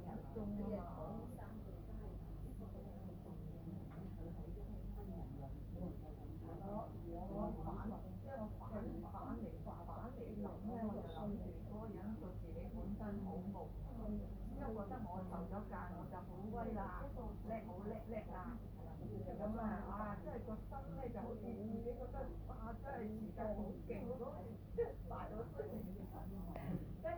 落，反而反而反嚟諗咧，我就諗住嗰個人自己本身好無，因為覺得我受咗戒，我就好威啦，叻好叻叻啊！咁啊，哇！即係個心咧就好似、嗯、自己覺得，真得啊，即係時間好勁，即係快到。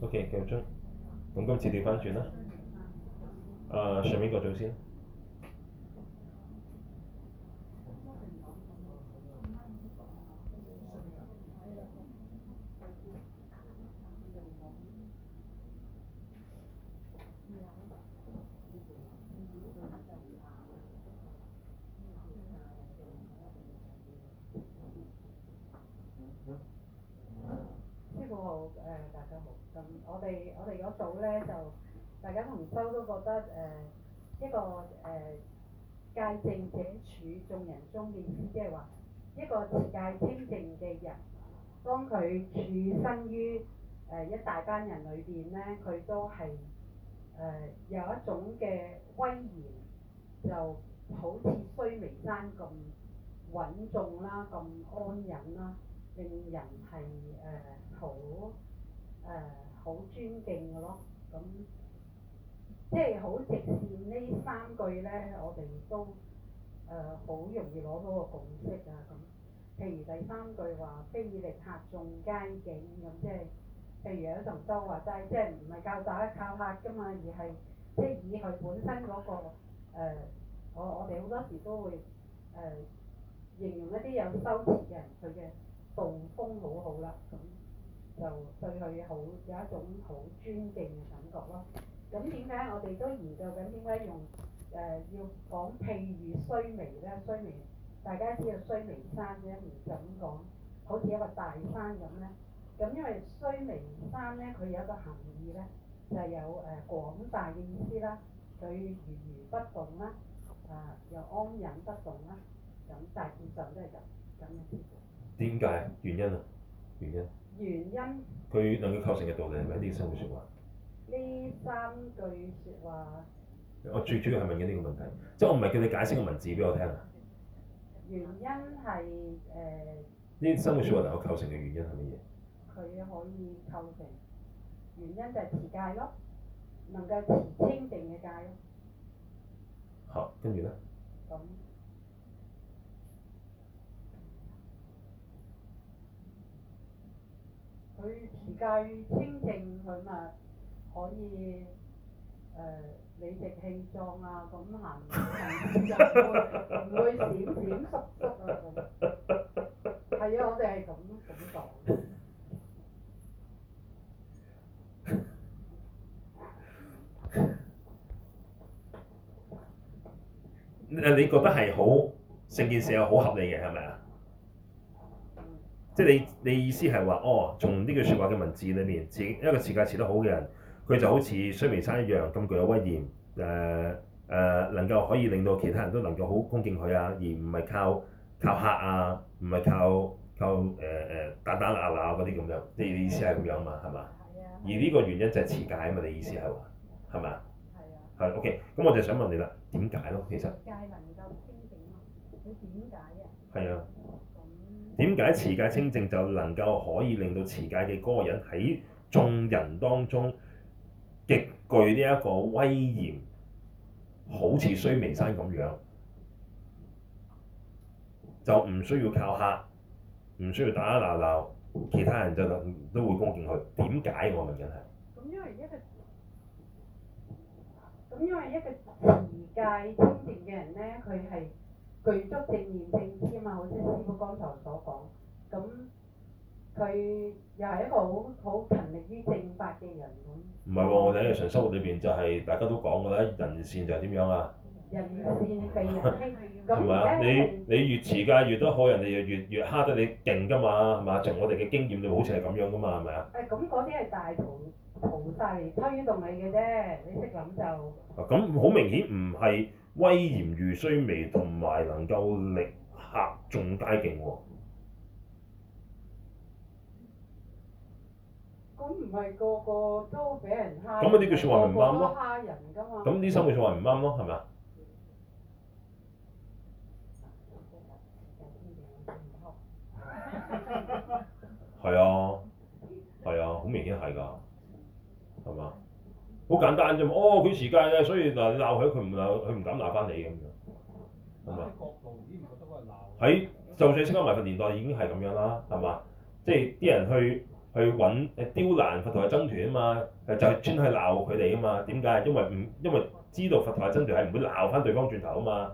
OK，繼續。做、okay, uh, mm。咁今次調翻轉啦。上面嗰組先。大家好，咁我哋我哋嗰組咧就大家同修都覺得誒、呃、一個誒戒淨者處眾人中，嘅意思即係話一個持戒清淨嘅人，當佢處身於誒、呃、一大班人裏邊咧，佢都係誒、呃、有一種嘅威嚴，就好似須彌山咁穩重啦，咁安忍啦，令人係誒、呃、好。誒好、呃、尊敬嘅咯，咁、嗯、即係好直線呢三句咧，我哋都誒好、呃、容易攞到個共識啊咁。譬如第三句話，非以力客眾皆景，咁即係，譬如阿同周話齋，即係唔係靠打靠客㗎嘛，而係即係以佢本身嗰、那個、呃、我我哋好多時都會誒、呃、形容一啲有羞恥嘅人，佢嘅道風好好啦咁。嗯就對佢好有一種好尊敬嘅感覺咯。咁點解我哋都研究緊點解用誒、呃、要講譬喻「須彌」咧？「須彌」大家知道須彌山咧，唔敢講，好似一個大山咁咧。咁因為須彌山咧，佢有一個含義咧，就是、有誒、呃、廣大嘅意思啦。佢如如不動啦，啊、呃、又安忍不動啦。咁大部份都係咁咁嘅情況。點解？原因啊？原因？原因原因佢能夠構成嘅道理係咪呢啲生活説話？呢三句説話，我最主要係問緊呢個問題，即係我唔係叫你解釋個文字俾我聽啊。原因係誒，呢啲生活説話能夠構成嘅原因係乜嘢？佢可以構成原因就係持戒咯，能夠持清定嘅戒咯。好，跟住咧。咁。佢時間清淨，佢咪可以理直氣壯啊，咁行路，唔會唔會閃閃縮縮啊咁。係啊，我哋係咁咁講。你覺得係好成件事又好合理嘅係咪啊？即係你，你意思係話，哦，從呢句說話嘅文字裏面，一個持戒持得好嘅人，佢就好似須彌山一樣咁具有威嚴，誒誒、呃，能、呃、夠可，可以令到其他人都能夠好恭敬佢啊，而唔係靠靠嚇啊，唔係靠靠誒誒打打鬧鬧嗰啲咁樣，你你意思係咁樣啊嘛，係嘛？而呢個原因就係持戒啊嘛，你意思係，係嘛？係啊。係 OK，咁我就想問你啦，點解咯？其實。持戒能夠清醒，你點解？係啊。點解持戒清淨就能夠可以令到持戒嘅嗰個人喺眾人當中極具呢一個威嚴，好似須彌山咁樣，就唔需要靠嚇，唔需要打打鬧鬧，其他人就都都會恭敬佢。點解我問緊係？咁因為一個因為一個持戒清淨嘅人咧，佢係具足正念正。哦、啊！好似師傅剛才所講，咁佢又係一個好好勤力於正法嘅人咁。唔係喎，我哋喺日常生活裏邊就係大家都講嘅啦，人善就係點樣啊？人善被人欺，係咪啊？麼是是你你越持戒越多，好人哋就越越蝦得你勁㗎嘛？係嘛？從我哋嘅經驗，好似係咁樣㗎嘛？係咪啊？誒，咁嗰啲係大同同，大同推動你嘅啫，你識諗就。啊，咁好明顯唔係威嚴如須眉，同埋能夠力。嚇仲低勁喎、啊！咁唔係個個都俾人蝦？句話啊、個個蝦唔啱嘛？咁啲生活説話唔啱咯，係咪啊？係啊，係 啊，好、啊、明顯係㗎，係嘛？好簡單啫，哦，佢時間嘅，所以嗱你鬧佢，佢唔佢唔敢鬧翻你嘅，係咪啊？ 喺、哎、就算釋迦牟尼佛年代已經係咁樣啦，係嘛？即係啲人去去揾誒刁難佛陀嘅僧團啊嘛，誒就係專係鬧佢哋啊嘛。點解？因為唔因為知道佛陀嘅僧團係唔會鬧翻對方轉頭啊嘛，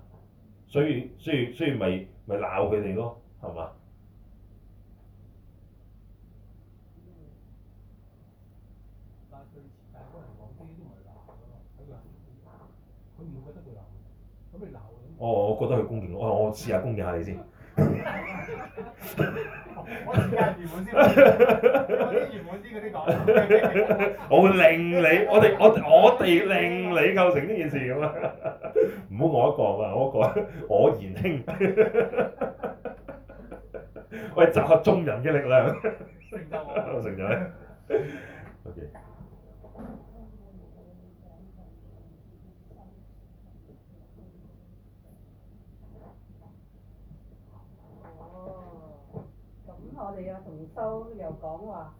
所以所以所以咪咪鬧佢哋咯，係嘛？我、哦、我覺得佢恭敬我，我試下恭敬下你先。 我先入圓滿先，嗰啲圓滿啲嗰啲講。我令你，我哋我我哋令你構成呢件事咁樣！唔 好我一個，我一個我言輕，我 哋集合眾人嘅力量。成咗冇？成我哋啊，同收又講話，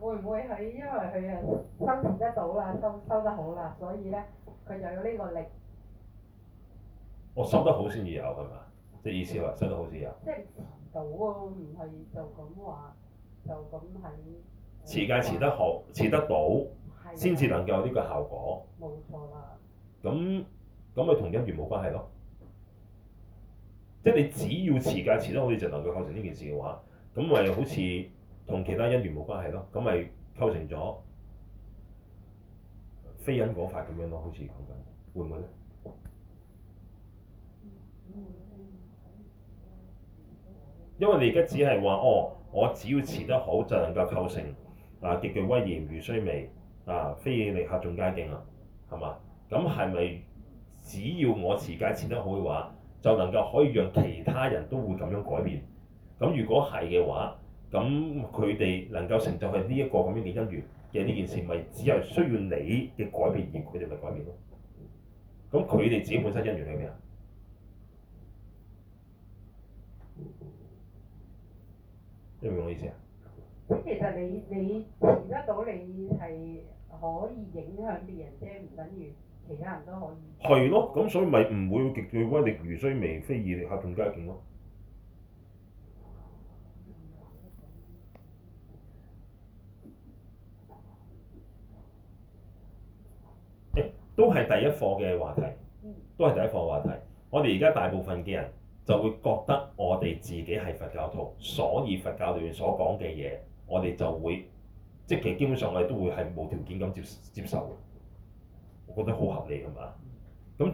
會唔會係因為佢啊，收唔得到啦，收收得好啦，所以咧，佢就有呢個力。我收得好先至有係嘛？即係意思話，收得好先有、哦、有。有即係遲到咯，唔係就咁話，就咁喺。嗯、持戒持得好，持得到，先至的能夠有呢個效果。冇錯啦。咁咁咪同因緣冇關係咯？即係你只要持戒持得好，你就能夠完成呢件事嘅話。咁咪好似同其他因緣冇關係咯，咁咪構成咗非因果法咁樣咯，好似講緊，會唔會咧？因為你而家只係話哦，我只要持得好，就能夠構成啊極具威嚴如須彌啊，非煙烈客眾皆敬啊，係嘛？咁係咪只要我持戒持得好嘅話，就能夠可以讓其他人都會咁樣改變？咁如果係嘅話，咁佢哋能夠成就係呢一個咁樣嘅因緣嘅呢件事，咪只係需要你嘅改變而佢哋咪改變咯。咁佢哋自己本身因緣係咩啊？明唔明我意思啊？咁其實你你見得到你係可以影響別人啫，唔等於其他人都可以。係咯，咁所以咪唔會極具威力如衰未非二力合眾皆勁咯。更加更加更都係第一課嘅話題，都係第一課嘅話題。我哋而家大部分嘅人就會覺得我哋自己係佛教徒，所以佛教裏面所講嘅嘢，我哋就會即係其實基本上我哋都會係無條件咁接接受。我覺得好合理㗎嘛？咁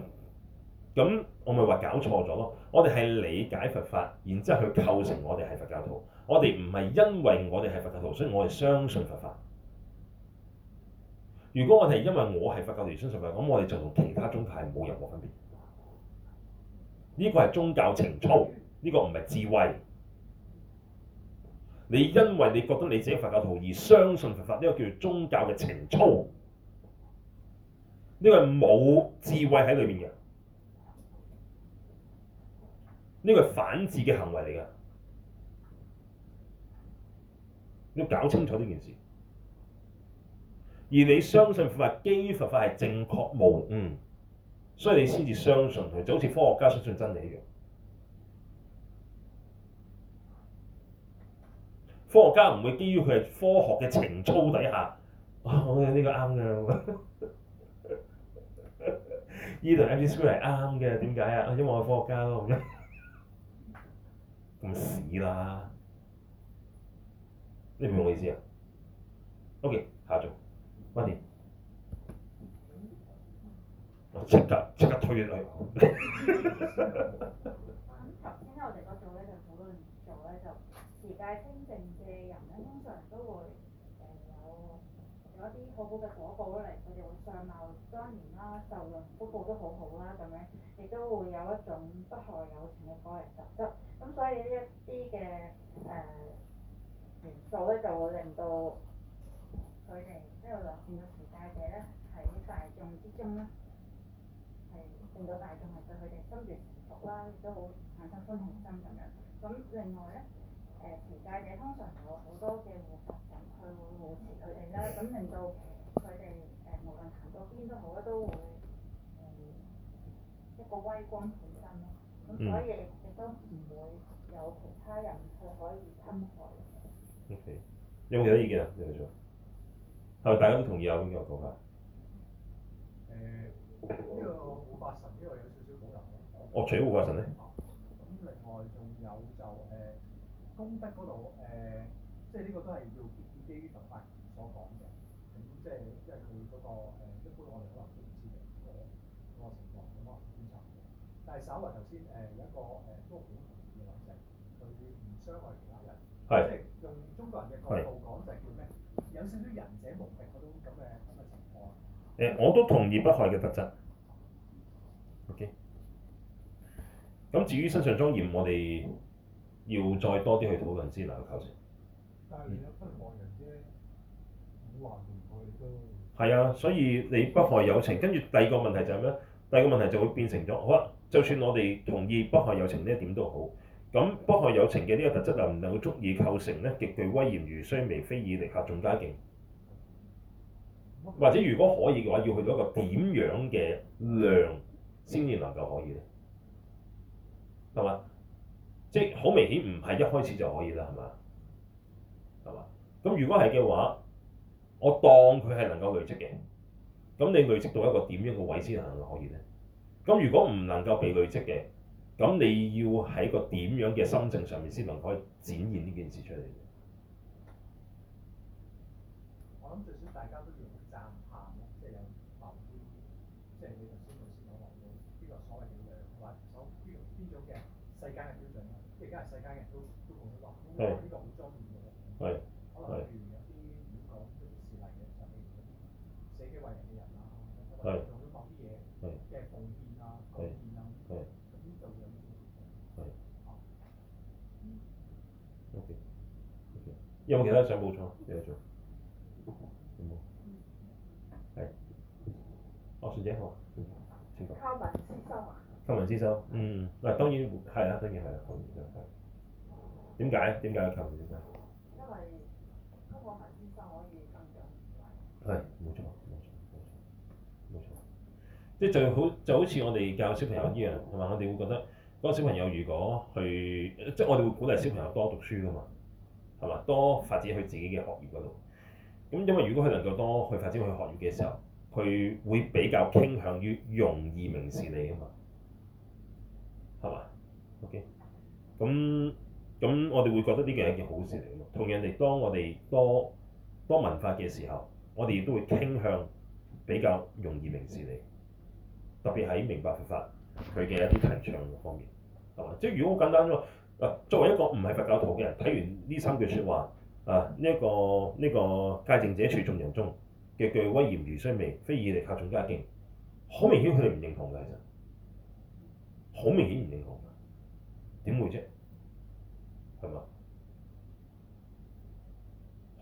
咁我咪話搞錯咗咯？我哋係理解佛法，然之後去構成我哋係佛教徒。我哋唔係因為我哋係佛教徒，所以我係相信佛法。如果我哋因為我係佛教徒而相信佛法，咁我哋就同其他宗派冇任何分別。呢個係宗教情操，呢個唔係智慧。你因為你覺得你自己佛教徒而相信佛法，呢個叫做宗教嘅情操。呢個係冇智慧喺裏面嘅，呢個係反智嘅行為嚟㗎。要搞清楚呢件事。而你相信佛法，基於佛法係正確無誤、嗯，所以你先至相信佢，就好似科學家相信真理一樣。科學家唔會基於佢係科學嘅情操底下。我覺得呢個啱嘅，呢度、 e、m b s 係啱嘅。點解啊？因為我係科學家咯。咁屎啦！嗯、你明唔明我意思啊？OK，下續。喂，Money. mm? 我即刻即刻退咗去。咁、 嗯，頭先咧我哋嗰組咧就討論咗咧，就持戒清淨嘅人咧，通常都會誒有、呃、有一啲好好嘅果報出嚟，佢哋會相貌莊嚴啦，受用福報都好好啦，咁、啊、樣亦都會有一種不害有情嘅個人特質，咁、嗯、所以呢一啲嘅誒元素咧就會令到，佢哋即係嚟到見到持戒者咧，喺大，大眾之中咧，係令到大眾係對佢哋心悅誠服啦，亦都好產生歡喜心咁樣。咁另外咧，誒持戒者通常有好多嘅護法神，佢會護持佢哋啦，咁令到佢哋誒無論行到邊都好，咧都會誒、呃、一個威光滿身咯。咁所以亦都唔會有其他人去可以侵害。Okay. 有冇其他意見啊？另外仲？ 係咪大家都同意啊？呢、呃這個講法？誒呢個護法神，呢、這、為、個、有少少保留意。哦，除咗護法神咧？咁、啊、另外仲有就誒、呃、功德嗰度誒，即係呢個都係要結合《法華經》所講嘅。咁即係因為佢嗰個、呃、一般我哋可能唔知嘅，呃那個過程我哋冇乜人觀察，但係稍為頭先誒有一個誒嗰個點可以話，即係佢唔傷害其他人，即係誒，我都同意不害嘅特質。OK。咁至於身上莊嚴，我哋要再多啲去討論先。能夠構成。但係而家不害人啫，冇話題都。係啊，所以你不害友情，跟住第二個問題就係咩？第二個問題就會變成咗，好啊，就算我哋同意不害友情呢一點都好，咁不害友情嘅呢個特質能唔能夠足以構成呢極具威嚴如須彌，非以力克仲加勁。或者如果可以嘅話，要去到一個點樣嘅量先至能夠可以呢？係嘛？即係好明顯唔係一開始就可以啦，係嘛？係嘛？咁如果係嘅話，我當佢係能夠累積嘅，咁你累積到一個點樣嘅位先能夠可以呢？咁如果唔能夠被累積嘅，咁你要喺個點樣嘅心境上面先能夠展現呢件事出嚟？我諗，就算大家都～係。係。係。係。係。係。係、啊。係、啊。係。有冇其他想補充？有冇？ 係、oh。哦，徐景浩，先講。秋雲師叔啊？秋雲師叔，嗯，嗱、嗯，當然係啦、啊，當然係啦。點解咧？點解嘅求其先生？為因為一個行先生可以咁樣。係、哎，冇錯，冇錯，冇錯，錯，錯，即係就好就好似我哋教小朋友一樣，係嘛？我哋會覺得嗰個小朋友如果去，即係我哋會鼓勵小朋友多讀書噶嘛，係嘛？多發展佢自己嘅學業嗰度。咁、嗯、因為如果佢能夠多去發展佢學業嘅時候，佢會比較傾向於容易明事理噶嘛，係嘛？OK，咁、嗯。咁、嗯、我哋會覺得呢件係一件好事嚟嘅，同人哋當我哋多多文化嘅時候，我哋亦都會傾向比較容易明示你，特別喺明白佛法佢嘅一啲提倡方面，係、嗯、嘛？即係如果好簡單啫，作為一個唔係佛教徒嘅人，睇完呢三句説話，啊呢一、這個呢、這個戒正者處眾人中嘅句威嚴如須彌，非以力靠眾家敬，好明顯佢哋唔認同嘅，其實好明顯唔認同嘅，點會啫？係嘛？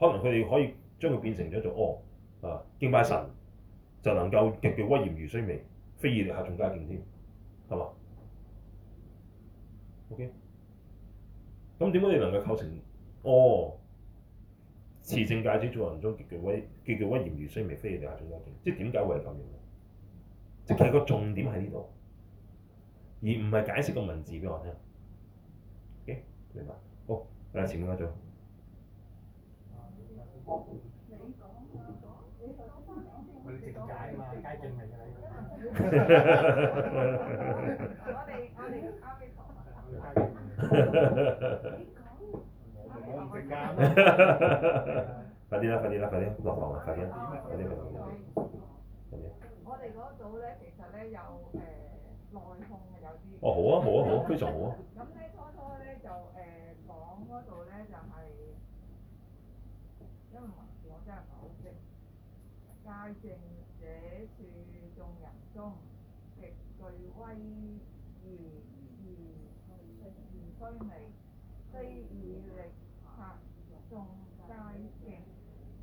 可能佢哋可以將佢變成咗做哦，啊！敬拜神就能夠極具威嚴如衰微，非而立下仲加勁添，係嘛？OK，咁點解你能夠構成哦？持正戒指做人中極具威極具威嚴如衰微，非而立下仲加勁？即係點解會係咁樣？即其實個重點喺呢度，而唔係解釋個文字俾我聽。OK，明白？嗱，前嗰快啲啦，快啲啦，快啲落堂啦，快啲，快啲，快啲。我哋嗰組咧，其實咧有誒內控嘅，有啲。哦，好啊，好啊，好，啊，非常好啊。就誒講嗰度咧，就係、是、因為文字我真係唔係好識。戒淨者處眾人中，極具威嚴而現威儀，威儀力克眾戒淨。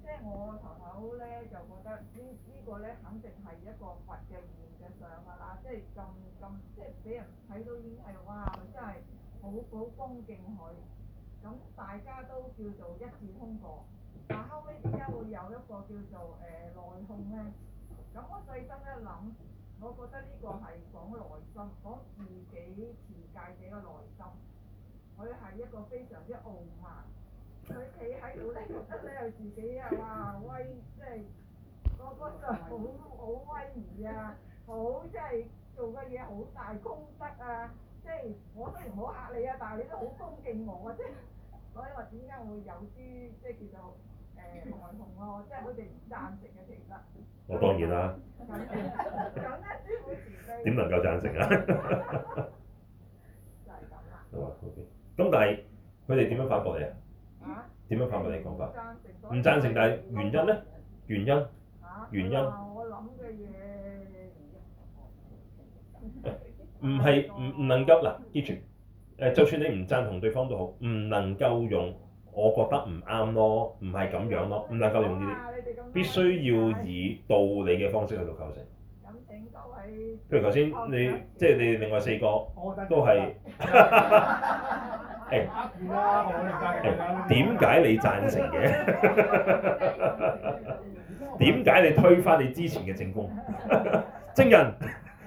即係我頭頭咧就覺得、這個、呢呢個咧，肯定係一個佛嘅面嘅相啦。即係咁咁，即係俾人睇到已經係哇，真係。好好恭敬佢，咁大家都叫做一致通過，但後尾點解會有一個叫做誒內、呃、控咧。咁我細心一諗，我覺得呢個係講內心，講自己持戒者嘅內心。佢係一個非常之傲慢，佢企喺度咧覺得咧，自己啊哇、就是、威，即係個個就好好威儀啊，好即係做嘅嘢好大功德啊。即係我都唔好嚇你啊，但係你都好恭敬我啊，即係所以我點解會有啲即係叫做誒外行咯，即係佢哋唔贊成嘅，其實，我當然啦。咁咧，點能夠贊成啊？就係咁。咁但係佢哋點樣反駁你啊？點樣反駁你講法？唔贊成，但係原因咧？原因？原因？我諗嘅嘢。唔係唔唔能夠嗱記住誒，就算你唔贊同對方都好，唔能夠用我覺得唔啱咯，唔係咁樣咯，唔能夠用呢啲，必須要以道理嘅方式去到構成。咁請譬如頭先你即係你另外四個都係誒。誒點解你贊成嘅？點 解你推翻你之前嘅證供？證 人。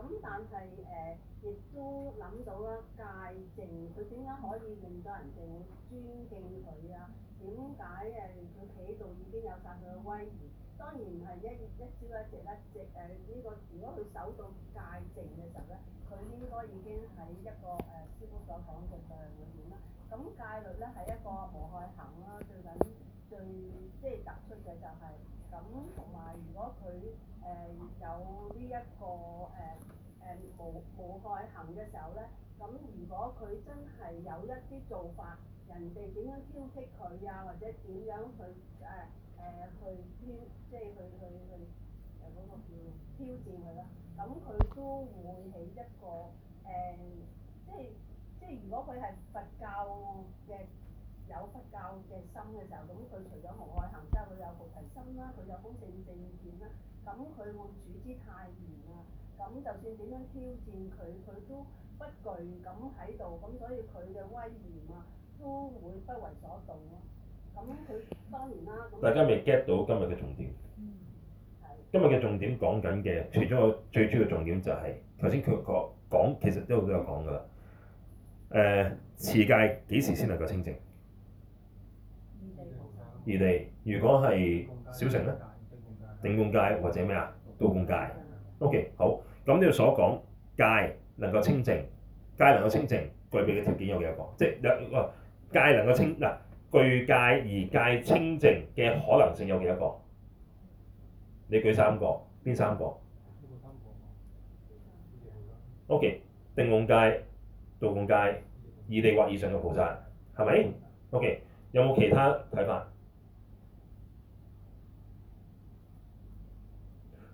咁、嗯、但係誒、呃，亦都諗到啦，戒證佢點解可以令到人哋尊敬佢啊？點解誒，佢企度已經有晒佢嘅威嚴？當然係一一朝一夕咧，即係呢個，如果佢守到戒證嘅時候咧，佢應該已經喺一個誒、呃、師傅所講嘅量裏面啦。咁戒律咧係一個無害行啦，最緊最即係突出嘅就係、是。咁同埋如果佢誒、呃、有呢一個誒誒、呃呃、無無害行嘅時候咧，咁、嗯、如果佢真係有一啲做法，人哋點樣挑剔佢啊，或者點樣去誒誒、呃呃、去挑，即係去去去嗰、那個叫挑戰佢啦，咁、嗯、佢都會起一個誒、呃，即係即係如果佢係佛教嘅，有不教嘅心嘅時候，咁，佢除咗無外行之外，佢有菩提心啦，佢有公正正見啦。咁佢會主之太嚴啊。咁就算點樣挑戰佢，佢都不懼咁喺度。咁所以佢嘅威嚴啊，都會不為所動咯。咁佢當然啦。大家未 get 到今日嘅重點？嗯、今日嘅重點講緊嘅，除咗我最主要重點就係頭先佢講，其實一路都有講㗎啦。誒、呃，持戒幾時先能夠清淨？一地如果係小城咧，定共戒或者咩啊？道共戒。O.K. 好，咁你所講戒能夠清淨，戒能夠清淨，具備嘅條件有幾多個？即係有，哇，戒能夠清嗱、啊，具戒而戒清淨嘅可能性有幾多個？你舉三個，邊三個？O.K. 定共戒、道共戒、一地或以上嘅菩薩係咪？O.K. 有冇其他睇法？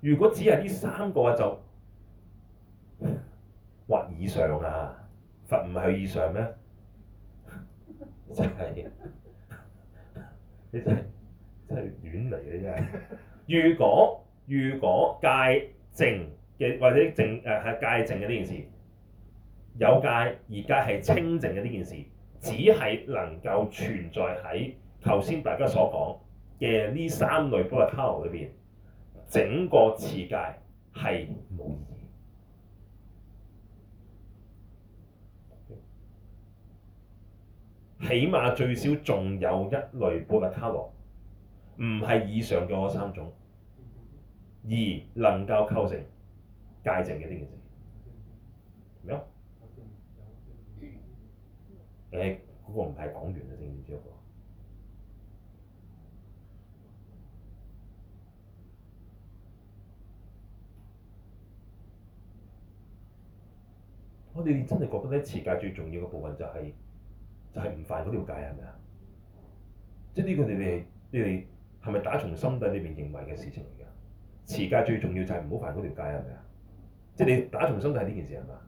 如果只係呢三個嘅就或以上啊，佛唔係以上咩？啊 就是？ 真係，你真係真係遠嚟嘅真係。如果如果戒淨嘅或者淨誒、啊、戒淨嘅呢件事，有戒而戒係清淨嘅呢件事，只係能夠存在喺頭先大家所講嘅呢三類波羅開羅裏邊。整個次界係冇意義，起碼最少仲有一類補特伽羅，唔係以上嘅嗰三種，而能夠構成戒證嘅呢件事。啊 Yeah?？誒、那個，嗰個唔係講完。我哋真係覺得咧，持戒最重要嘅部分就係、是、就係、是、唔犯嗰條戒係咪啊？即呢個、就是、你哋你哋係咪打從心底裏邊認為嘅事情嚟㗎？持戒最重要就係唔好犯嗰條戒係咪啊？即你打從心底係呢件事係咪啊？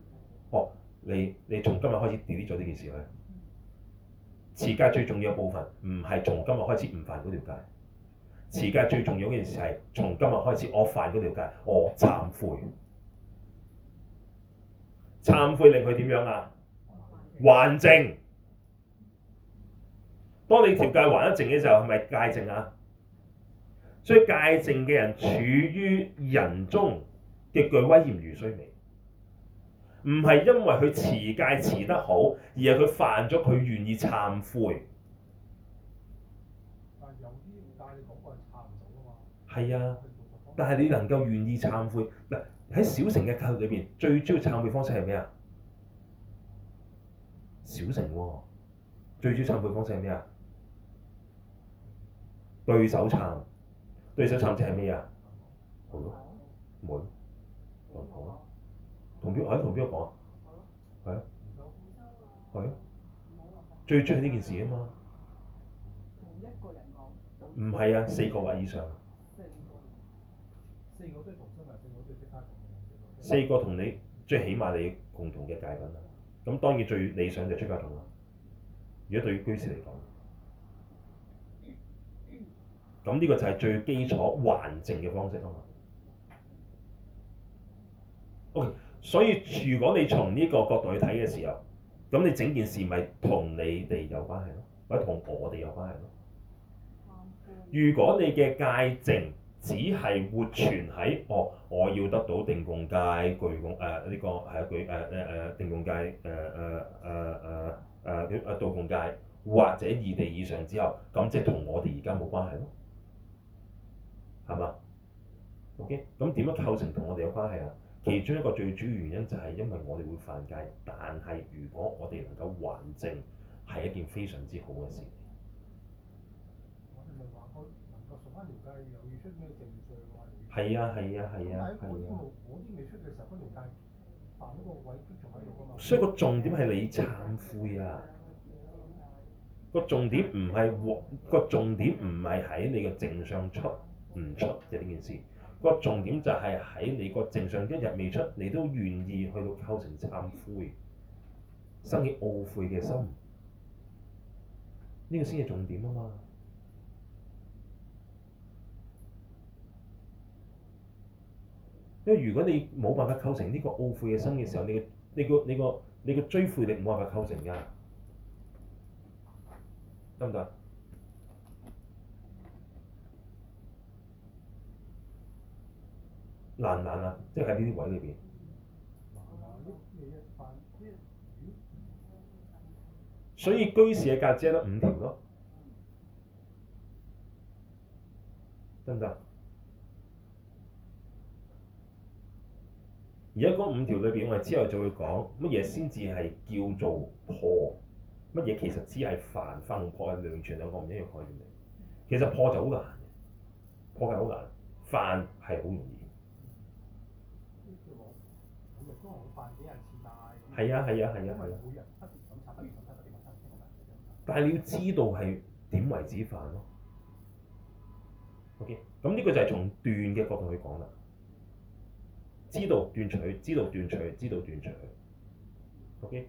哦，你你從今日開始 delete 咗呢件事去。持戒最重要嘅部分唔係從今日開始唔犯嗰條戒，持戒最重要嘅件事係從今日開始我，我犯嗰條戒，我懺悔。懺悔令佢點樣啊？還淨。當你條戒還得淨嘅時候，係咪戒淨啊？所以戒淨嘅人處於人中，極具威嚴如須彌。唔係因為佢持戒持得好，而係佢犯咗，佢願意懺悔。但係有啲人戴口罩睇唔到吖嘛？係啊，但係你能夠願意懺悔嗱？喺小城嘅教育裏面，最主要撐背方式係咩啊？小城喎、啊，最主要撐背方式係咩啊？對手撐，對手撐即係咩啊？好囉，門吧，好囉同邊？喺同邊個講啊？係啊行，係啊，最中意呢件事啊嘛。唔係啊，個四個或以上。四個同你最起碼你共同嘅戒品啦，咁當然最理想就出家眾啦。如果對於居士嚟講，咁呢個就係最基礎還淨嘅方式啊嘛。OK，所以如果你從呢個角度去睇嘅時候，咁你整件事咪同你哋有關係咯，或者同我哋有關係咯。如果你嘅戒淨，只係活存喺哦，我要得到定共戒，譬如講誒呢個係佢誒誒誒定共戒誒誒誒誒誒阿道共戒，或者二地以上之後，咁即係同我哋而家冇關係咯，係嘛？OK，咁點樣構成同我哋有關係啊？其中一個最主要原因就係因為我哋會犯戒，但係如果我哋能夠還淨，係一件非常之好嘅事。.係啊係啊係啊係啊，啊！所以，個重點係你懺悔啊，個重點唔係獲，個重點唔係喺你個正上出唔出嘅呢件事，個重點就係喺你個正上一日未出，你都願意去到構成懺悔，生起懊悔嘅心，呢，呢個先係重點啊嘛～因為如果你冇辦法構成呢個懊悔嘅心嘅時候，你個你個你個你個追悔，你冇辦法構成噶，得唔得？難難啊！即係喺呢啲位裏邊。所以居士嘅戒只係得五條咯，得唔得？行。而家嗰五條裏邊，我哋之後就會講乜嘢先至係叫做破，乜嘢其實只係犯法同破係完全兩個唔一樣概念。其實破就好難,難，破係好難，犯係好容易。係啊係啊係啊！啊。啊啊啊 但係你要知道係點為止犯咯。O.K.，咁呢個就係從斷嘅角度去講啦。知道斷除，知道斷除，知道斷除。O.K.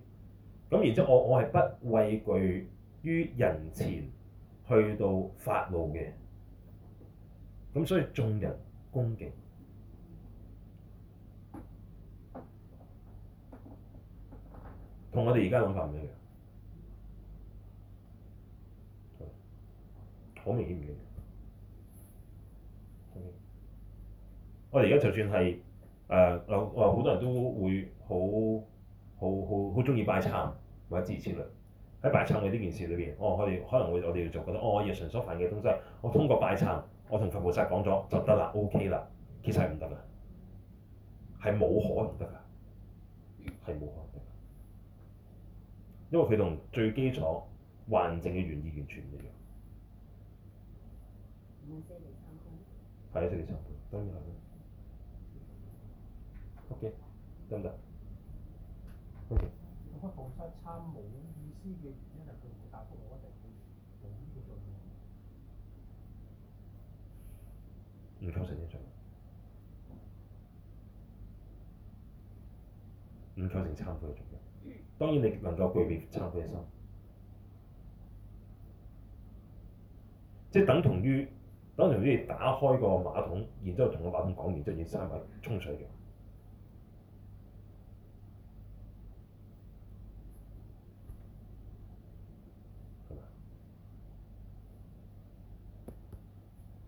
咁然之後我，我我係不畏懼於人前去到發怒嘅，咁所以眾人恭敬，同我哋而家諗法唔一樣，好明顯唔一樣。Okay. 我哋而家就算係。誒有好多人都會好好好好中意拜懺或者自恣之類，喺拜懺嘅呢件事裏邊，我、哦、哋可能會我哋要做覺得哦，我日常所犯嘅東西，我通過拜懺，我同佛菩薩講咗就得啦，OK 啦，其實係唔得噶，係冇可能得噶，係冇可能得，因為佢同最基礎還淨嘅原意完全唔一樣。係要食啲長棍，得唔得？OK，得唔得？OK。我開報失參會意思嘅原因係佢冇答覆我，定係唔夠成日做，唔夠成參會做嘅。當然你能夠具備懺悔嘅心， 即等同於等同於你打開個馬桶，然之後同個馬桶講完，即係要閂埋沖水嘅。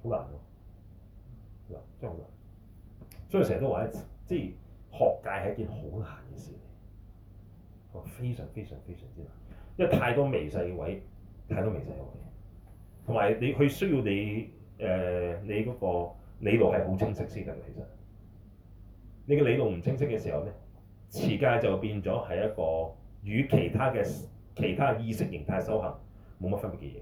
好難喎，啊，嗱真係好難，所以成日都話咧，即係學戒係一件好難嘅事嚟，非常非常非常之難，因為太多微細嘅位，太多微細嘅位，同埋你佢需要你誒，呃、你嗰個理論係好清晰先得，其實，你嘅理論唔清晰嘅時候咧，持戒就變咗係一個與其他嘅其他意識形態修行，冇乜分別嘅嘢。